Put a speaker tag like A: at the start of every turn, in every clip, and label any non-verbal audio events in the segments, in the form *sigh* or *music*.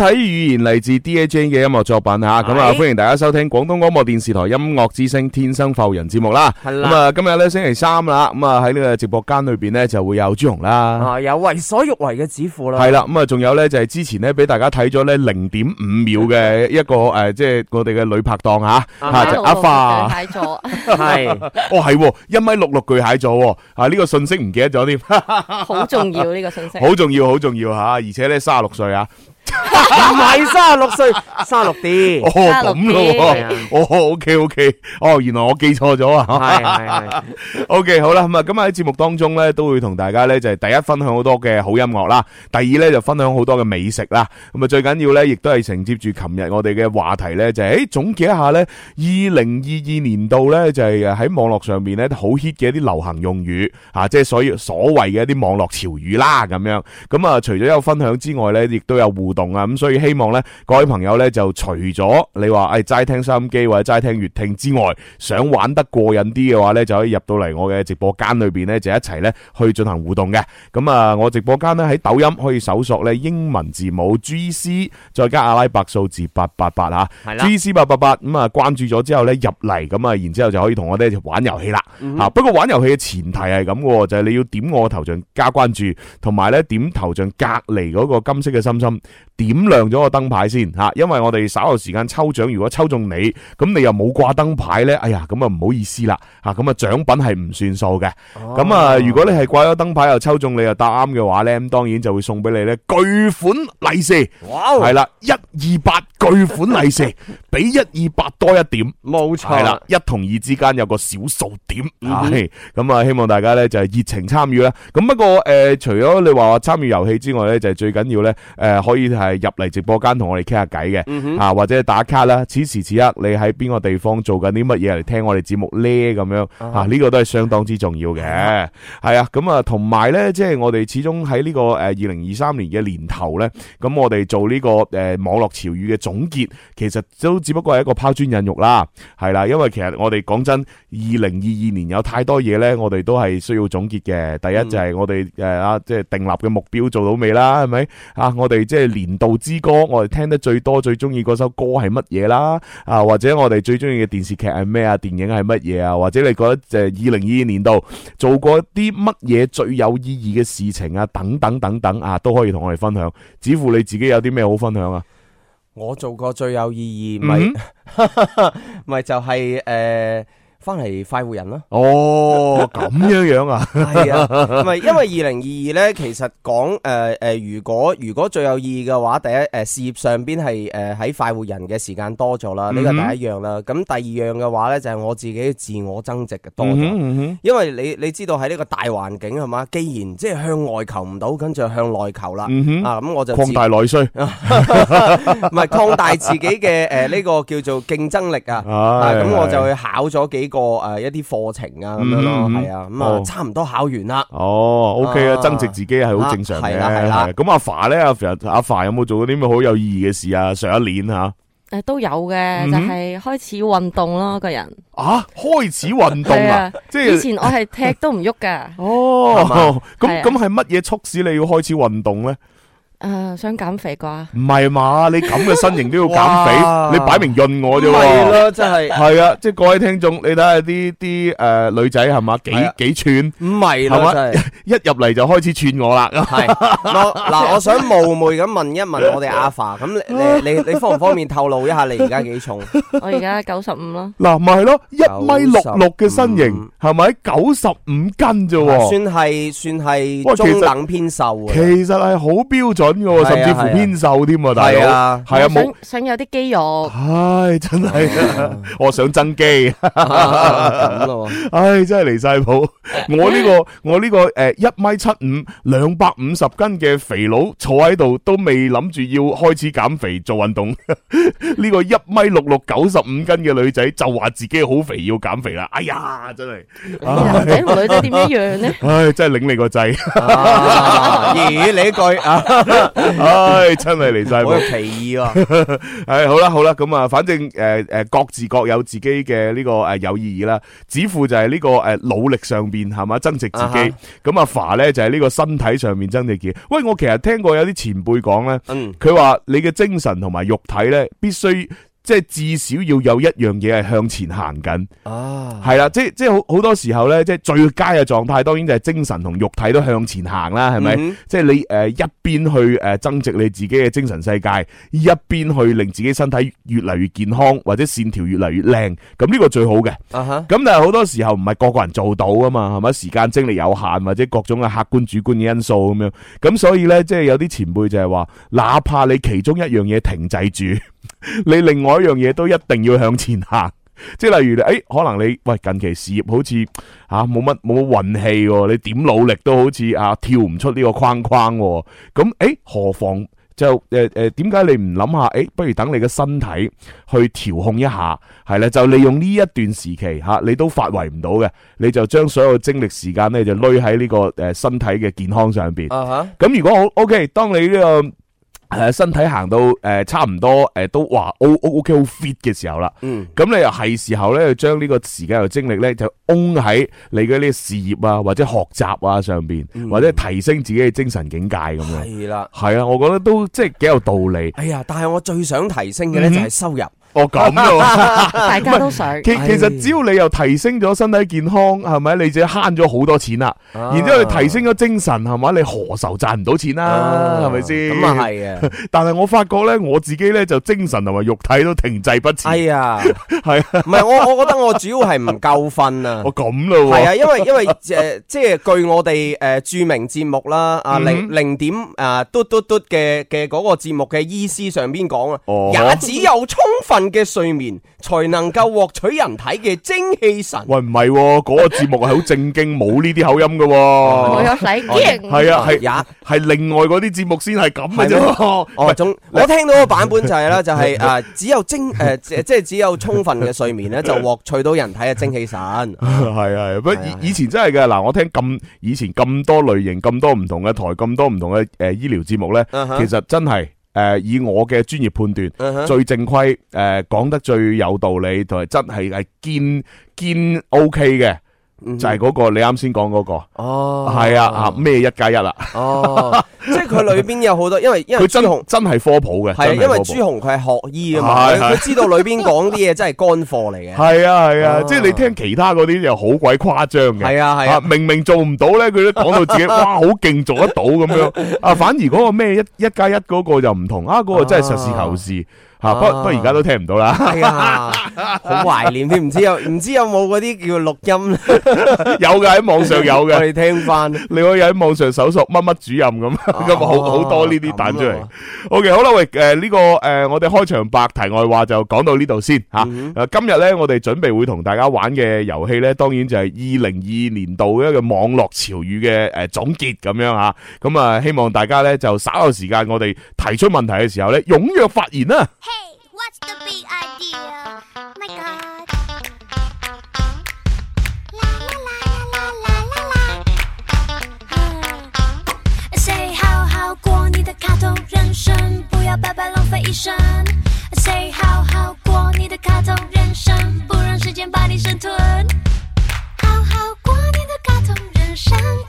A: 睇語言嚟自 Dear Jane 嘅音樂作品吓，咁啊歡迎大家收聽廣東廣播電視台音樂之聲《天生浮人》節目啦。係啦。咁啊，今日咧星期三啦，咁啊喺呢個直播間裏邊咧就會有朱紅啦。
B: 啊，有為所欲為嘅指父啦。係啦，
A: 咁啊仲有咧就係之前咧俾大家睇咗咧零點五秒嘅一個誒，即係我哋嘅女拍檔吓，係阿花巨蟹座。係哦，係一米六六巨蟹座。啊，呢個信息唔記得咗添。
C: 好重要呢個信息。好
A: 重要，好重要吓，而且咧三十六歲啊。
C: 唔係三十
B: 六歲，三十六啲哦咁咯
A: 喎，哦，OK OK，哦，原來我記錯咗啊，係係係，OK 好啦，咁啊，咁啊喺節目當中咧，都會同大家咧就係第一分享好多嘅好音樂啦，第二咧就分享好多嘅美食啦，咁啊最緊要咧，亦都係承接住琴日我哋嘅話題咧，就係誒總結一下咧，二零二二年度咧就係喺網絡上面咧好 hit 嘅一啲流行用語啊，即係所以所謂嘅一啲網絡潮語啦咁樣，咁啊除咗有分享之外咧，亦都有互動。啊咁，所以希望咧，各位朋友咧就除咗你話誒齋聽收音機或者齋聽月聽之外，想玩得過癮啲嘅話咧，就可以入到嚟我嘅直播間裏邊咧，就一齊咧去進行互動嘅。咁啊，我直播間咧喺抖音可以搜索咧英文字母 G C 再加阿拉伯數字八八八吓，G C 八八八。咁啊關注咗之後咧入嚟，咁啊，然之後就可以同我哋一齊玩遊戲啦吓。Mm hmm. 不過玩遊戲嘅前提係咁，就係、是、你要點我頭像加關注，同埋咧點頭像隔籬嗰個金色嘅心心。點亮咗個燈牌先吓，因為我哋稍後時間抽獎，如果抽中你，咁你又冇掛燈牌呢？哎呀，咁啊唔好意思啦吓，咁啊獎品係唔算數嘅。咁啊，如果你係掛咗燈牌又抽中你又答啱嘅話呢，咁當然就會送俾你呢。巨款利哇是，係啦，一二八巨款利是。 *laughs* *laughs* 比一二百多一點，冇錯係啦，一同二之間有個小數點，咁、嗯、哼啊，希望大家咧就係熱情參與啦。咁不過誒、呃，除咗你話參與遊戲之外咧，就係、是、最緊要咧誒、呃，可以係入嚟直播間同我哋傾下偈嘅，嗯、哼啊或者打卡啦。此時此刻你喺邊個地方做緊啲乜嘢嚟聽我哋節目咧？咁樣、嗯、哼啊，呢、這個都係相當之重要嘅，係、嗯、哼啊。咁啊，同埋咧，即係我哋始終喺呢個誒二零二三年嘅年頭咧，咁我哋做呢個誒網絡潮語嘅總結，其實都。只不過係一個拋磚引玉啦，係啦，因為其實我哋講真，二零二二年有太多嘢咧，我哋都係需要總結嘅。第一就係我哋誒啊，即、呃、係、就是、訂立嘅目標做到未啦？係咪啊？我哋即係年度之歌，我哋聽得最多、最中意嗰首歌係乜嘢啦？啊，或者我哋最中意嘅電視劇係咩啊？電影係乜嘢啊？或者你覺得誒二零二二年度做過啲乜嘢最有意義嘅事情啊？等等等等啊，都可以同我哋分享。只乎你自己有啲咩好分享啊？
B: 我做過最有意義唔係、mm hmm. *laughs* 就係、是、誒。呃翻嚟快活人咯，
A: 哦咁樣樣啊，係啊，唔係因
B: 為二零二二咧，其實講誒誒，如果如果最有意義嘅話，第一誒事業上邊係誒喺快活人嘅時間多咗啦，呢個第一樣啦，咁第二樣嘅話咧就係我自己自我增值嘅多咗，因為你你知道喺呢個大環境係嘛，既然即係向外求唔到，跟住向內求啦，啊咁我就擴大內需，唔係擴大自己嘅誒呢個叫做競爭力啊，咁我就去考咗幾個誒一啲課程啊，咁樣咯係啊，咁、嗯、啊、嗯、對差唔多考完啦。哦，OK 啊，增值自己係
A: 好正常嘅。係啦、啊，係啦。咁、啊、阿凡咧，阿凡阿凡有冇做過啲咩好有意義嘅事啊？上一年吓、
C: 啊、誒都有嘅，嗯、哼就係開始運動咯，個人
A: 啊開始運動啊，即係 *laughs* 以前
C: 我係踢都唔喐㗎。 *laughs* 哦，咁咁係
A: 乜嘢促使你要開始運動咧？
C: 誒，想減肥啩？
A: 唔係嘛，你咁嘅身形都要減肥，你擺明潤我啫嘛？唔係咯，真係係啊！即係各位聽眾，你睇下啲啲誒女仔係嘛幾幾寸？唔係咯，真係一入嚟就開始串我啦。係嗱，我想
B: 冒昧咁問一問我哋阿華，咁你你你方唔方便透露一下你而家幾重？
C: 我而家九十五
A: 咯。嗱，咪係咯，一米六六嘅身形，係咪九十五斤啫？算
B: 係算係中等
A: 偏瘦嘅。其實係好標準。咁嘅，甚至乎偏瘦添啊！大佬，係啊，冇
C: 想有啲肌肉。
A: 唉，真係，我想增肌。唉，真係離晒譜。我呢個，我呢個，誒，一米七五，兩百五十斤嘅肥佬坐喺度，都未諗住要開始減肥做運動。呢個一米六六，九十五斤嘅女仔就話自己好肥要減肥啦。哎呀，真係。男仔同女仔點
C: 一
A: 樣咧？唉，真係領你個掣。咦，你一句啊？唉、 *laughs* 哎，真係嚟晒，好奇異喎！係好啦，好啦，咁啊，反正誒誒、呃，各自各有自己嘅呢、這個誒、呃、有意義啦，指乎就係呢、這個誒、呃、努力上邊係嘛，增值自己。咁阿 f a 咧就係、是、呢個身體上面增值嘅。喂，我其實聽過有啲前輩講咧，佢話你嘅精神同埋肉體咧必須。即係至少要有一樣嘢係向前行緊，係啦、oh.，即係即係好好多時候咧，即係最佳嘅狀態，當然就係精神同肉體都向前行啦，係咪？Mm hmm. 即係你誒、呃、一邊去誒增值你自己嘅精神世界，一邊去令自己身體越嚟越健康，或者線條越嚟越靚，咁呢個最好嘅。咁、uh huh. 但係好多時候唔係個個人做到啊嘛，係咪？時間精力有限，或者各種嘅客觀主觀嘅因素咁樣，咁所以咧，即係有啲前輩就係話，哪怕你其中一樣嘢停滯住。 *laughs* 你另外一樣嘢都一定要向前行，即係例如誒、哎，可能你喂近期事業好似吓冇乜冇運氣，你點努力都好似啊跳唔出呢個框框，咁誒、哎、何妨就誒誒？點、呃、解、呃、你唔諗下誒、哎？不如等你嘅身體去調控一下，係啦，就利用呢一段時期吓、啊，你都發圍唔到嘅，你就將所有精力時間咧就累喺呢個誒身體嘅健康上邊。咁、uh huh. 如果好 OK，當你呢、呢個。誒、呃，身體行到誒、呃、差唔多誒、呃、都話 OK 好 fit 嘅時候啦，咁、嗯、你又係時候咧，將呢個時間同精力咧就 on 喺你啲事業啊，或者學習啊上邊，嗯、或者提升自己嘅精神境界咁樣。係啦、嗯，係啊，嗯、我覺得都即係幾有道理。哎呀，但係我最想提升嘅咧就係收入。嗯嗯哦咁咯， *laughs* 大家都
B: 想。其 *laughs* 其實
A: 只要你又提升咗身體健康，係咪？你自己慳咗好多錢啦，啊、然之後你提升咗精神，係咪？你何愁賺唔到錢啦？係咪先？咁啊係啊！啊但係我發覺咧，我自己咧就精神同埋肉體都停滯不前。哎呀，係 *laughs* 啊，唔係我，我覺得我主要係唔夠瞓啊。 *laughs* 我咁咯、啊，係啊，因為因為誒、
B: 呃，即係據我哋誒、呃、著名節目啦、呃，零零點誒、呃、嘟嘟嘟嘅嘅嗰個節目嘅醫師上邊講啊， *laughs* 也只有充分。嘅睡眠才能夠獲取人體嘅精氣神。
A: 喂，唔係嗰個節目係好正經，冇呢啲口音㗎。冇使驚，係啊係啊係另外嗰啲節目先係咁嘅啫。哦，總我聽到個版本就係啦，就係啊，
B: 只有精誒即係
A: 只有充分嘅睡眠咧，就獲取到人體嘅精氣神。係係，不以以前真係嘅嗱，我聽咁以前咁多類型咁多唔同嘅台咁多唔同嘅誒醫療節目咧，其實真係。誒，以我嘅專業判斷，uh huh. 最正規，誒、呃，講得最有道理，同埋真係係堅堅 OK 嘅。就係嗰個你啱先講嗰個，係啊啊咩一加一啦，
B: 即係佢裏邊有好多，因為因為朱紅
A: 真係科普嘅，因為朱
B: 紅佢係學醫啊嘛，佢知道裏邊講啲嘢真係乾貨嚟
A: 嘅。係啊係啊，即係你聽其他嗰啲又好鬼誇張嘅，係啊係啊，明明做唔到咧，佢都講到自己哇好勁做得到咁樣啊，反而嗰個咩一一加一嗰個又唔同啊，嗰個真係實事求是。吓、啊、不不過而家都聽唔到啦，好懷的 *laughs* 念添，唔知有唔知有冇嗰啲叫錄音 *laughs* 有噶喺網上有嘅， *laughs* 我哋聽翻。你可以喺網上搜索乜乜主任咁，咁啊好好多呢啲彈出嚟。OK 好啦，喂誒呢、這個誒我哋開場白題外話就講到呢度先吓、嗯啊。今日咧我哋準備會同大家玩嘅遊戲咧，當然就係二零二二年度一個網絡潮語嘅誒總結咁樣吓。咁啊希望大家咧就稍後時間，我哋提出問題嘅時候咧踴躍發言啦。What's the
D: big idea? Oh my God! 啦啦啦啦啦啦啦 Say，好好過你的卡通人生，不要白白浪費一生。Say，好好過你的卡通人生，不讓時間把你生吞。好好過你的卡通人生。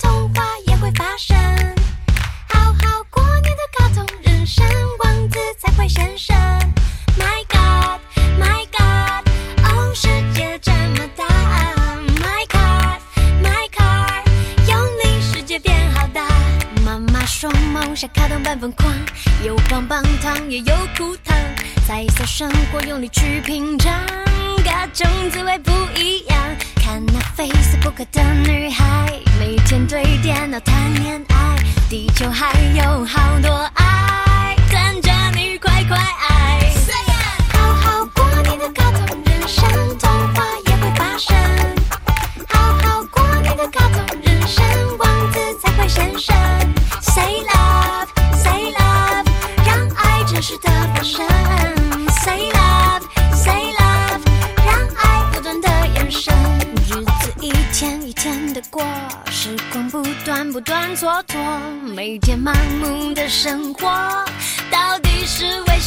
D: 我用力去。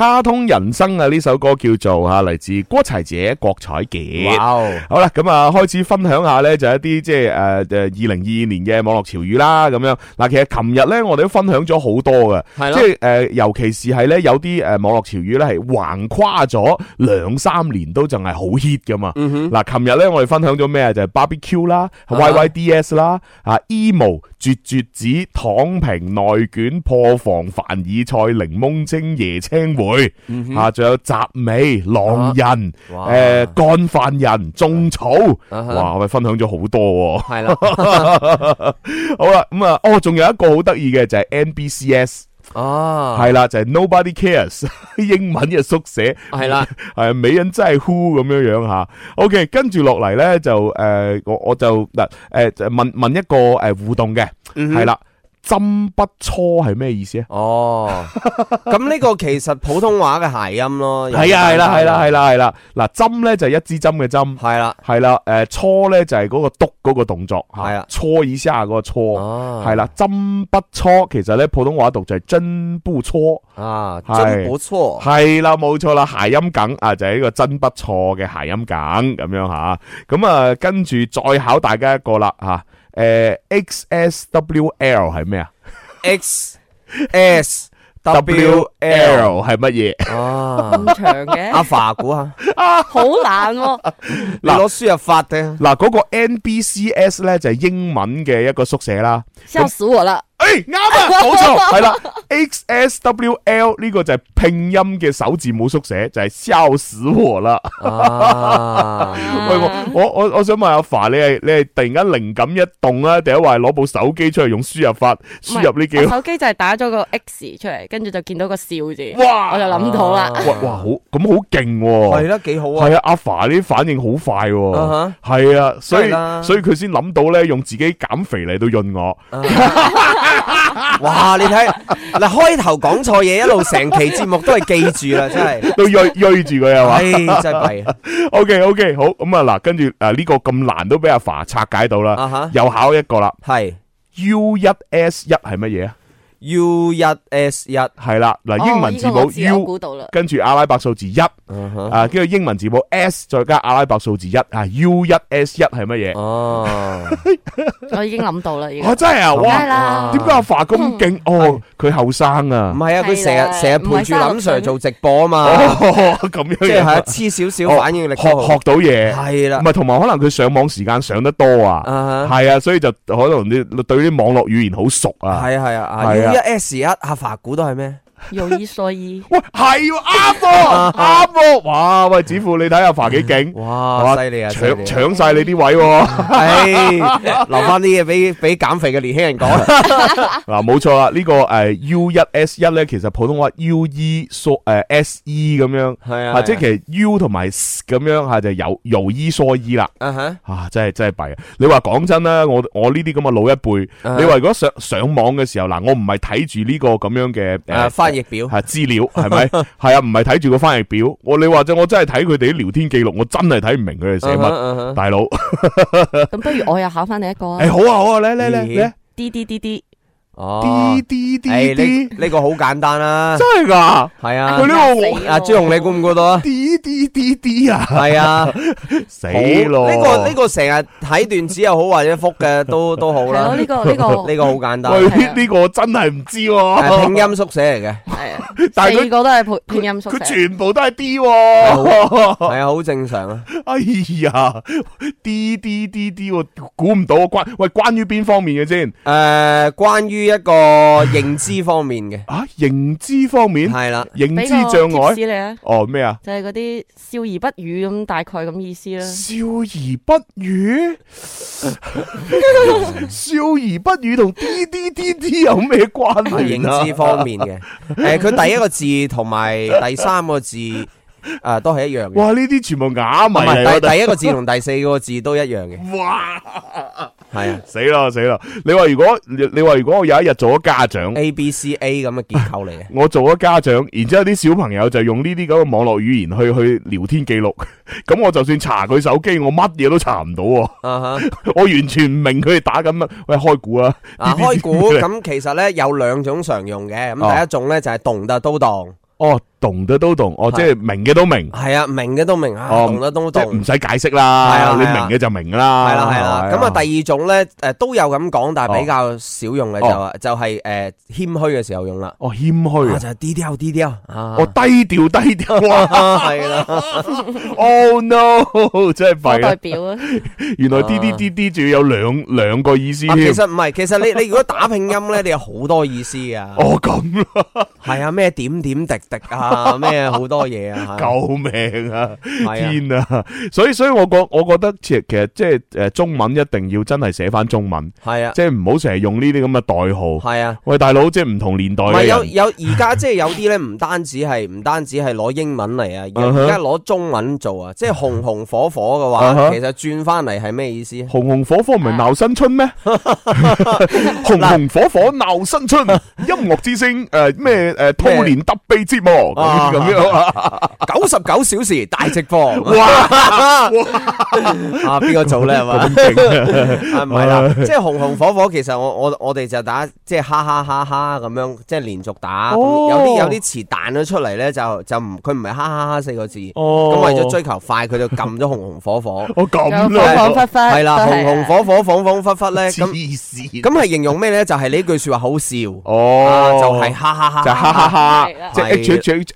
A: 卡通人生啊！呢首歌叫做啊，嚟自郭齊姐郭采潔。好啦，咁啊，開始分享下咧，就一啲即係誒誒，二零二二年嘅網絡潮語啦。咁樣嗱，其實琴日咧，我哋都分享咗好多嘅，即係誒，尤其是係咧有啲誒網絡潮語咧係橫跨咗兩三年都淨係好 hit 噶嘛。嗱，琴日咧我哋分享咗咩、就是、啊？就係 barbecue 啦、YYDS 啦、啊 emo、絕絕子、躺平、內捲、破防、凡爾賽、檸檬精、椰青和。啊，仲、嗯、有集美、狼人、誒乾飯人、種草，哇，我分享咗、啊、 *laughs* 好多，係啦，好啦，咁啊，哦，仲有一個好得意嘅就係 NBCS，哦，係啦，就係、是啊就是、Nobody Cares，英文嘅縮寫，係啦的，係啊，美人真係 Who 咁樣樣吓，OK，跟住落嚟咧就誒、呃，我我就嗱誒、呃呃，問問一個誒互動嘅，係啦、嗯哼。針不搓係咩意思啊？哦，
B: 咁呢個其實普通話嘅諧音咯。係啊，係啦，係啦，係
A: 啦，係啦。嗱，針咧就一支針嘅針。係啦，係啦。誒，搓咧就係嗰個篤嗰個動作。係啊，搓意思係個搓。哦，係啦，針不搓其實咧普通話讀就係針不搓啊。真不錯，係啦，冇錯啦，諧音梗啊，就係呢個真不錯嘅諧音梗咁樣吓。咁啊，跟住再考大家一個啦吓。誒，X S W L 係咩啊？X S W L 係乜嘢啊？咁長嘅，阿華估下，
C: 啊，好難哦。
A: 嗱，輸入法嘅嗱嗰個 N B C S 咧就係英文嘅一個宿舍啦。
E: 笑死我啦！誒，啱啊，冇錯，係啦
A: XSWL 呢個就係拼音嘅首字母縮寫，就係、是、笑死我啦喂、 *laughs* 啊、 *laughs* 我我我，我想問阿華，你係你係突然間靈感一動啊，第一話攞部手機出嚟用輸入法輸入呢幾手
C: 機就係打咗個 X 出嚟，跟住就見到個笑字，哇，我就諗到啦、啊、哇，哇
A: 好咁、啊、好勁係啦，幾好係啊，阿華你反應好快係啊、uh、huh, 所以的所以佢先諗到咧用自己減肥嚟到潤我。 *laughs* 哇！你睇嗱，開頭講錯嘢，一路成期節
B: 目都係記住啦，真係都
A: 追追住佢係嘛，唉， *laughs* 真係弊。O K O K，好咁啊，嗱，跟住誒呢個咁難都俾阿凡拆解到啦，啊、哈又考一個啦，係是 U1S1 係乜嘢啊？U 一 S 一係啦，嗱英文字母 U，跟住阿拉伯數字一，啊，跟住英文字母 S 再加阿拉伯數字一，啊 U 一 S 一係乜嘢？哦，我
C: 已經諗到啦，而家真係啊，嘩，點
A: 解阿華咁勁？哦，佢後生啊，唔係啊，佢成日成日陪住林 Sir 做
B: 直播啊嘛，即係黐少少，反應力學學到嘢，係啦，唔係
A: 同埋可能佢上網時間上得多啊，係啊，所以就可能你對啲網絡語言好熟啊，係啊係啊，係啊。一
B: S 一阿發股都係咩？有一說一，
A: 喂係喎，啱喎，啱喎，哇！喂，子富，你睇下華幾勁，哇，犀利啊，搶搶晒你啲位，係，留翻啲嘢俾俾減肥嘅年輕人講，嗱，冇錯啦，呢個誒 U 一 S 一咧，其實普通話 U 一疏誒 S 一咁樣，係啊，即係其實 U 同埋 S 咁樣吓就有有一說一啦，啊吓，啊真係真係弊啊！你話講真啦，我我呢啲咁嘅老一輩，你話如果上上網嘅時候嗱，我唔係睇住呢個咁樣嘅誒。翻譯表係資料係咪係啊？唔係睇住個翻譯表，我 *laughs* 你話者我真係睇佢哋啲聊天記錄，我真係睇唔明佢哋寫乜，uh huh, uh huh. 大佬。 *laughs* 咁
C: 不如我又考翻你一個誒、欸，好啊好啊，嚟嚟嚟。咧、欸，滴滴滴滴。咦來哦，D D D
B: 呢個好簡單啦，真係噶，係啊，佢呢個阿朱紅，你估唔估到啊？D D D 啊，係啊，死咯！呢個呢個成日睇段子又好，或者幅嘅都都好啦。呢個呢個呢個好簡單。喂，呢
A: 個真係唔知，拼
B: 音縮寫嚟嘅。係
C: 啊，但係佢都係拼音縮寫，佢全部都係 D，
A: 係啊，好正常啊。哎呀，D D D D，估唔到關喂，關於邊方面嘅先？誒，關於。一個認知方面嘅啊，認知方面係啦，了認
C: 知障礙哦咩啊，就係嗰啲笑而不語咁大概咁意思啦，
A: 笑而不語,， *laughs* *laughs* 笑而不語同滴滴滴滴有咩關係啊？認知方面嘅，誒、 *laughs* 呃，佢第一個
B: 字同埋第三個字。啊，都係一樣嘅。
A: 哇，呢啲全部啞埋第第一個字同第四個字都一樣嘅。
F: 哇，
A: 係啊，死啦死啦！你話如果你你話如果我有一日做咗家長，A B C A 咁嘅結構嚟嘅，我做咗家長，然之後啲小朋友就用呢啲咁嘅網絡語言去去聊天記錄，咁 *laughs* 我就算查佢手機，我乜嘢都查唔到啊！ *laughs* uh huh. *laughs* 我完全唔明佢哋打緊乜？喂，開估啊！啊，開估咁
B: 其實咧有兩種常用嘅，咁第一種咧就係動得都動
A: 刀刀哦。懂得都懂，哦，即係明嘅都明，
B: 係啊，明嘅都明，哦，懂都都，即係唔使解釋啦，係啊，你明嘅就明
A: 啦，係啦係啦。咁啊，第
B: 二種咧，誒，都有咁講，但係比較少用嘅就就係誒謙虛嘅時候用啦，哦，謙虛啊，就係滴滴滴滴，哦，低調低調，係啦
A: ，Oh no，真係弊，代表啊，原來滴滴滴滴仲要有兩兩個意思添，其實唔係，其實你你如
B: 果打拼音咧，你有好多意思啊，哦咁，係啊，咩點點滴滴啊。啊咩好多嘢啊！救命啊天
A: 啊！所以所以，我覺我覺得其實即係誒中文一定要真係寫翻中文係啊，即係唔好成日用呢啲咁嘅代號。係啊，喂大佬，即係唔同年代。係有
B: 有而家即係有啲咧，唔單止係唔單止係攞英文嚟啊，而家攞中文做啊，即係紅紅火火嘅話，其實轉翻嚟係咩意思？
A: 紅紅火火唔係鬧新春咩？紅紅火火鬧新春，音樂之聲誒咩誒兔年特備節目。咁樣啊！九十九小時大直播，哇！
B: 啊，邊個做咧？係嘛？唔係啦，即係紅紅火火。其實我我我哋就打即係哈哈哈哈，咁樣，即係連續打。有啲有啲詞彈咗出嚟咧，就就唔佢唔係哈哈哈四個字。哦，咁為咗追求快，佢就撳咗紅紅火火。哦咁啦，恍恍惚惚係啦，紅紅火火恍恍惚惚咧。黐線咁係形容咩咧？就係呢句說話好笑
A: 哦，就係哈哈哈，就哈哈哈，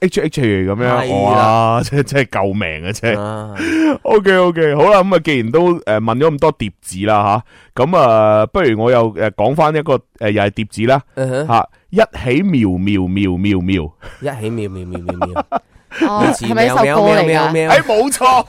A: H H H 咁樣哇！真真係救命嘅啫。O K O K，好啦，咁啊，既然都誒問咗咁多疊字啦吓，咁啊，不如我又誒講翻一個誒又係疊字啦吓，一起苗苗苗苗苗，
B: 一起苗苗苗苗苗。
A: 哦，係咪一首歌嚟啊？誒，冇錯。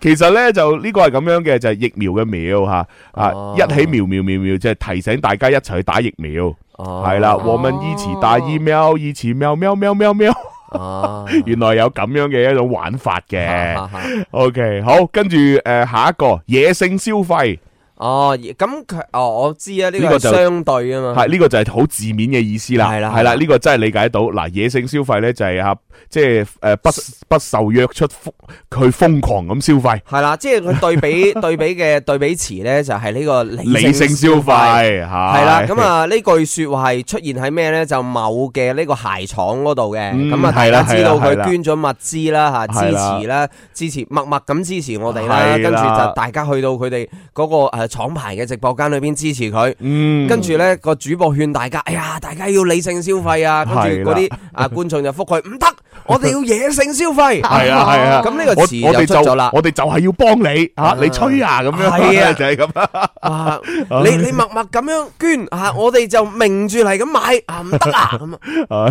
A: 其實咧就呢個係咁樣嘅，就係疫苗嘅苗吓啊！一起苗苗苗苗，即係提醒大家一齊去打疫苗。係啦，我哋一齊打疫苗，一齊、啊、喵喵喵喵喵，喵、啊， *laughs* 原來有咁樣嘅一種玩法嘅。哈哈哈哈 OK，好，跟住誒下一個野性消費。哦，咁佢，哦，我知啊，呢個就相對啊嘛，係呢個就係好字面嘅意思啦，係啦，係啦，呢個真係理解到。嗱，野性消費咧就係吓，即係誒不不受約束，佢瘋狂咁消費，係啦，即係
B: 佢對比對比嘅對比詞咧就係呢個理性消費吓，係啦。咁啊呢句說話係出現喺咩咧？就某嘅呢個鞋廠嗰度嘅，咁啊係啦，知道佢捐咗物資啦吓，支持啦，支持默默咁支持我哋啦，跟住就大家去到佢哋嗰個誒。廠牌嘅直播間裏邊支持佢，嗯跟呢，跟住咧個主播勸大家，哎呀，大家要理性消費啊！是的 跟住啲 *laughs* 啊觀眾就覆佢唔得。我哋要野性消費，係啊係啊，咁呢個詞又出咗啦。我
A: 哋就係要幫你，吓你吹啊咁樣，係啊，啊，就係、是、咁啊。你你默默
B: 咁樣捐啊，我哋就明住嚟咁買
A: 啊，唔得啊咁啊。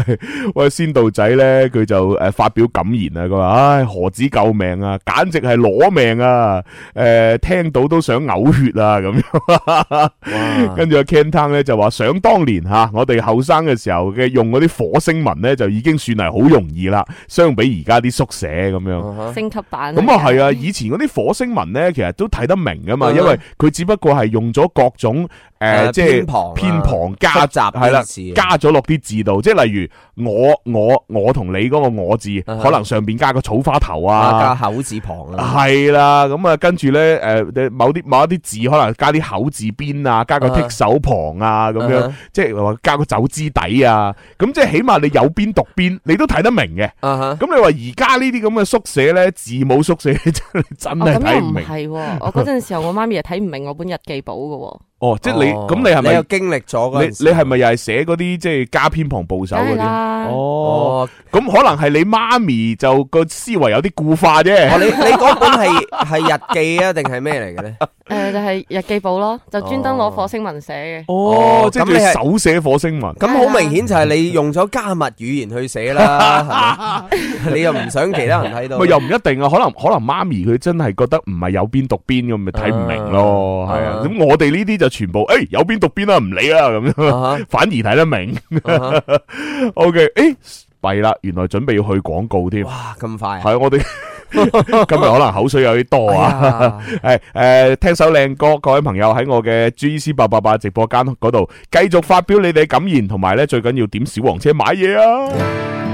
A: 係，喂，仙道仔咧，佢就誒發表感言啊，佢話：唉、哎，何止救命啊，簡直係攞命啊！誒、呃，聽到都想嘔、呃、血啊咁樣。跟住阿 Ken Tan 咧就話：想當年吓，我哋後生嘅時候嘅用嗰啲火星文咧，就已經算係好容易啦。相比而家啲宿舍咁樣升
C: 級版，咁啊係
A: 啊！以前嗰啲火星文咧，其實都睇得明噶嘛，uh huh. 因為佢只不過係用咗各種。誒、呃，即係偏，偏旁加雜係啦，加咗落啲字度，即係例如我我我同你嗰個我字，啊、可能上邊加個草花頭啊，啊加口
B: 字旁啦、啊，
A: 係啦、啊，咁啊，啊跟住咧誒，某啲某一啲字可能加啲口字邊啊，加個剔手旁啊，咁樣、啊 uh huh. 即係話加個走之底啊，咁即係起碼你有邊讀邊，你都睇得明嘅。咁、啊 huh. 你話而家呢啲咁嘅縮寫咧，字母縮寫真，真真係睇唔明。咁
C: 又唔係，我嗰陣時候我媽咪又睇唔明我本日記簿嘅。
A: 哦，即係你咁，你係咪你又經歷咗？你你係咪又係寫嗰啲即係加偏旁部首嗰啲？哦，咁可能係你媽咪就個思維有啲固化啫。哦，你你嗰本係係日記啊，定係咩嚟嘅咧？
C: 誒，就係日記簿咯，就專登攞火星文寫
B: 嘅。哦，即係手
A: 寫火星文，咁好明
B: 顯就係你用咗加密語言去寫啦。你又唔想其他人睇到？唔係又唔
A: 一定啊，可能可能媽咪佢真係覺得唔係有邊讀邊咁咪睇唔明咯。係啊，咁我哋呢啲就。全部誒有邊讀邊啦，唔理啦咁樣，反而睇得明。O K，誒，弊啦，原來準備要去廣告添。哇，咁快係我哋今日可能口水有啲多啊。誒誒，聽首靚歌，各位朋友喺我嘅 G C 八八八直播間嗰度繼續發表你哋嘅感言，同埋咧最緊要點小黃車買嘢啊！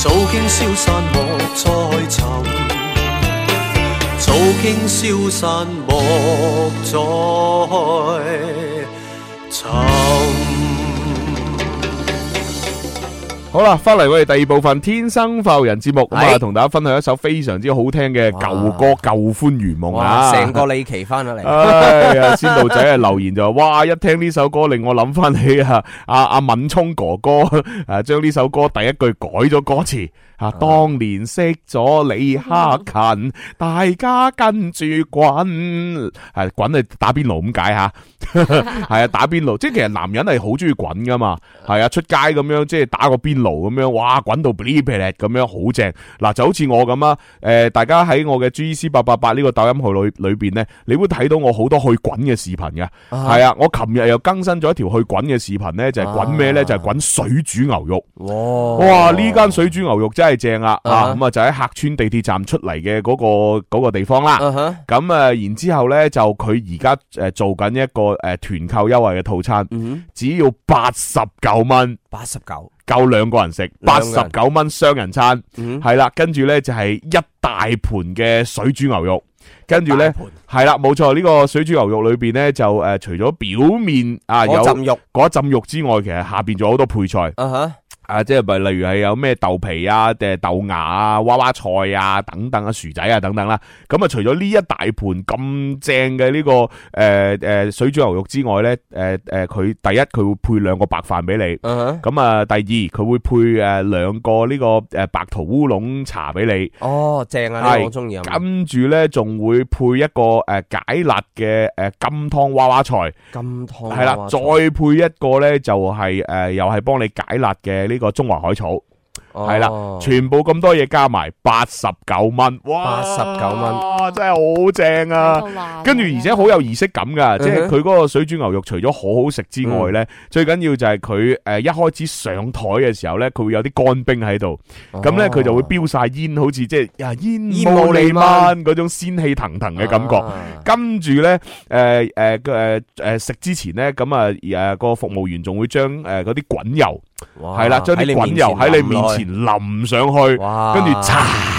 G: 早經消散莫再尋；早經消散莫再。.
A: 好啦，翻嚟我哋第二部分《天生浮人》節目，咁啊、哎，同、嗯、大家分享一首非常之好聽嘅舊歌《舊哇歡如夢》啊，成個
B: 李奇翻咗嚟。 *laughs* 哎呀，先導仔係
A: 留言就話，哇，一聽呢首歌令我諗翻起阿阿阿敏聰哥哥，誒、啊，將呢首歌第一句改咗歌詞。啊！當年識咗李克勤，大家跟住滾，係滾去打邊爐咁解吓，係啊， *laughs* 打邊爐，即係其實男人係好中意滾噶嘛，係啊，出街咁樣即係打個邊爐咁樣，哇，滾到噼里啪啦咁樣，好正。嗱，就好似我咁啊，誒，大家喺我嘅 G C 八八八呢個抖音號裏裏邊咧，你會睇到我好多去滾嘅視頻嘅，係啊，啊，我琴日又更新咗一條去滾嘅視頻咧，就係滾咩咧？就係、是、滾水煮牛肉。哇！哇！呢間水煮牛肉真係～係正啦，啊咁、嗯、啊就喺客村地鐵站出嚟嘅嗰個個地方啦。咁啊，然之後呢，就佢而家誒做緊一個誒、呃、團購優惠嘅套餐，嗯、哼只要八十九蚊，八十九夠兩個人食，八十九蚊雙人餐。係啦，跟、嗯、住呢就係、是、一大盤嘅水煮牛肉，跟住呢，係啦，冇錯呢個水煮牛肉裏邊呢，就、呃、誒除咗表面啊有嗰浸肉之外、啊，其實下邊仲有好多配菜。啊啊啊，即係咪例如係有咩豆皮啊、誒豆芽啊、娃娃菜啊等等啊、薯仔啊等等啦。咁啊，除咗呢一大盤咁正嘅呢個誒誒水煮牛肉之外咧，誒誒佢第一佢會配兩個白飯俾你，咁啊第二佢會配誒兩個呢個誒白桃烏龍茶俾你。
B: 哦，正啊，我中意。
A: 跟住咧仲會配一個誒解辣嘅誒金湯娃娃菜。
B: 金湯係啦，再
A: 配一個咧就係誒又係幫你解辣嘅呢。呢個中華海草係啦，噢了全部咁多嘢，加埋八十九蚊，哇，八十九蚊哇，真係好正啊！跟住而且好有儀式感噶，即係佢嗰個水煮牛肉除咗好好食之外咧，嗯、最緊要就係佢誒一開始上枱嘅時候咧，佢會有啲乾冰喺度，咁咧佢就會飆晒煙，好似即係啊煙霧彌漫嗰種仙氣騰騰嘅感覺。跟住咧誒誒誒誒食之前咧咁啊誒個服務員仲會將誒嗰啲滾油。係啦，將啲滾油喺你面前淋上去，跟住擦。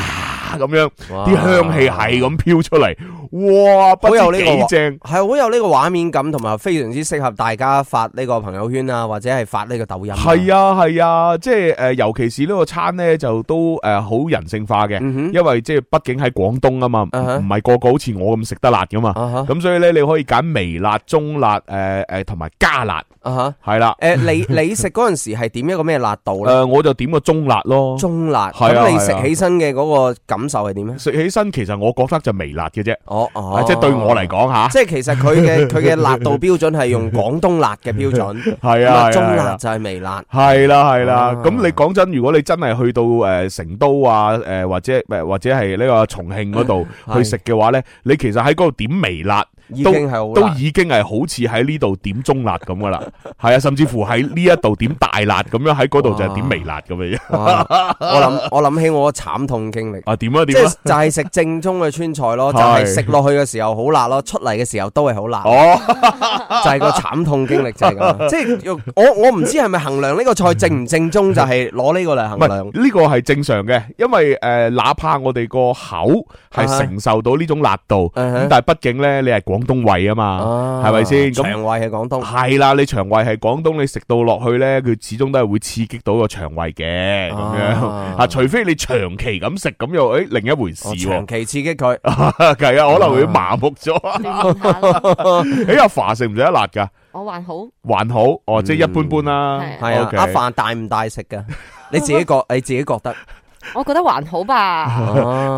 A: 咁樣啲哇香氣係咁飄出嚟，哇！好有呢、這個
B: 正，係棒好有呢個畫面感，同埋非常之適合大家發呢個朋友圈啊，或者係發呢個抖音。係
A: 啊，係啊，即係誒，尤其是呢個餐咧，就都誒好人性化嘅，嗯、哼因為即係畢竟喺廣東啊嘛，唔係、uh huh. 個個好似我咁食得辣噶嘛，咁、uh huh. 所以咧你可以揀微辣、中辣、誒誒同埋加辣，係啦。誒，你你食嗰陣時係點一個咩辣度咧？誒、 *laughs* 呃，我就點個中辣咯，中辣。咁你食起身嘅嗰個感感受係點咧？食起身其實我覺得就微辣嘅啫、哦，哦哦，啊、即係對我嚟講吓，啊、即係其實佢嘅佢嘅辣度標準係用廣東辣嘅標準，係 *laughs* 啊，中辣就係微辣，係啦係啦。咁、啊啊啊嗯、你講真，如果你真係去到誒、呃、成都啊，誒、呃、或者唔、呃、或者係呢個重慶嗰度去食嘅話咧，啊、你其實喺嗰度點微辣？已經係好辣都已經係好似喺呢度點中辣咁噶啦，係啊，甚至乎喺呢一度點大辣咁樣，喺嗰度就係點微辣咁樣哇 *laughs* 我。
B: 我諗我諗起我慘痛經歷
A: 啊！點啊點啊！即係食、就
B: 是、正宗嘅川菜咯， *laughs* 就係食落去嘅時候好辣咯，出嚟嘅時候都係好辣。哦，
A: *laughs* *laughs* 就係個慘痛經歷就係咁。 *laughs* 即
B: 係我我唔知係咪衡量呢個菜正唔正宗，
A: 就係攞呢個嚟衡量。呢、這個係正常嘅，因為誒、呃，哪怕我哋個口係承受到呢種辣度，咁 *laughs* 但係畢竟咧，你係廣東、啊嗯、胃啊嘛，係咪先？腸胃係廣東，係啦。你腸胃係廣東，你食到落去咧，佢始終都係會刺激到個腸胃嘅咁、啊、樣啊。除非你長期咁食，咁又誒、欸、另一回事、啊啊。長期刺激佢係 *laughs* 啊，可能會麻木咗。誒、啊 *laughs* 欸，阿凡食唔食得辣噶？ *laughs* 還哦、我還好，還好哦，即係一般般啦。係啊，的 okay 阿凡大唔大食噶？你自己覺，你自己覺得。 *laughs* *laughs*
C: 我覺得還好吧。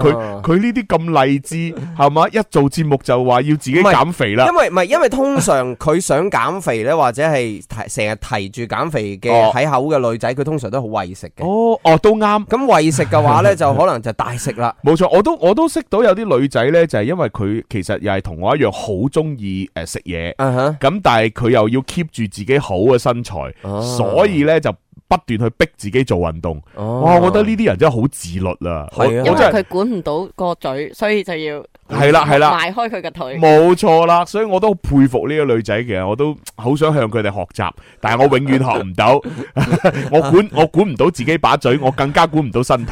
A: 佢佢呢啲咁勵志係嘛，一做節目就話要自己減肥啦。因為唔係，因為通常
B: 佢想減肥呢，或者係提成日提住減肥嘅睇、哦、口嘅女仔，佢通常都好喂食嘅。哦，哦，都啱。咁喂食嘅話呢，就可能就大食啦、嗯。
A: 冇錯，我都我都識到有啲女仔呢，就係、是、因為佢其實又係同我一樣好中意誒食嘢。嗯咁哼但係佢又要 keep 住自己好嘅身材，嗯、哼所以呢。就。不斷去逼自己做運動，哇！我覺得呢啲人真係好自律啊，因為佢
C: 管唔到個嘴，所以就要係啦係啦，邁開佢個腿，冇
A: 錯啦。所以我都佩服呢個女仔，嘅。我都好想向佢哋學習，但係我永遠學唔到。我管我管唔到自己把嘴，我更加管唔到身體。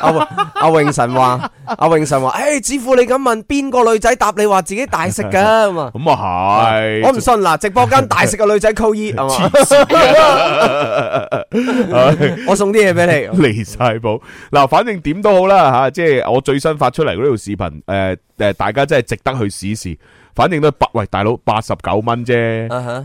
A: 阿阿永神話，阿永神話，
B: 誒，子富你咁問邊個女仔答你
A: 話自己大食噶嘛？咁啊係，我唔
B: 信啦，直播間大食嘅女仔扣二係
A: 嘛？ *laughs* *laughs* 我送啲嘢俾你，離晒譜嗱，反正點都好啦吓，即係我最新發出嚟嗰條視頻，誒誒，大家真係值得去試試。反正都八，喂大佬八十九蚊啫，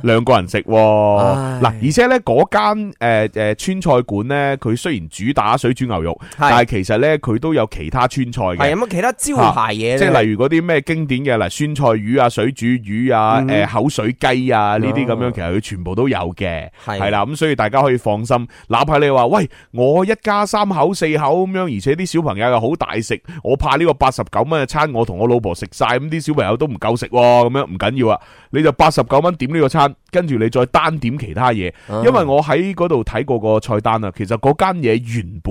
A: 兩、huh. 個人食嗱，uh huh. 而且咧嗰間誒誒川菜館咧，佢雖然主打水煮牛肉，是但係其實咧佢都有其他川菜嘅，係有冇其他招牌嘢、啊，即係例如嗰啲咩經典嘅嗱酸菜魚啊、水煮魚啊、誒、uh huh. 口水雞啊呢啲咁樣，其實佢全部都有嘅，係啦咁，huh. 是所以大家可以放心。哪怕你話喂，我一家三口四口咁樣，而且啲小朋友又好大食，我怕呢個八十九蚊嘅餐，我同我老婆食晒咁，啲小朋友都唔夠食。哦，咁樣唔緊要啊！你就八十九蚊點呢個餐，跟住你再單點其他嘢。因為我喺嗰度睇過個菜單啊，其實嗰間嘢原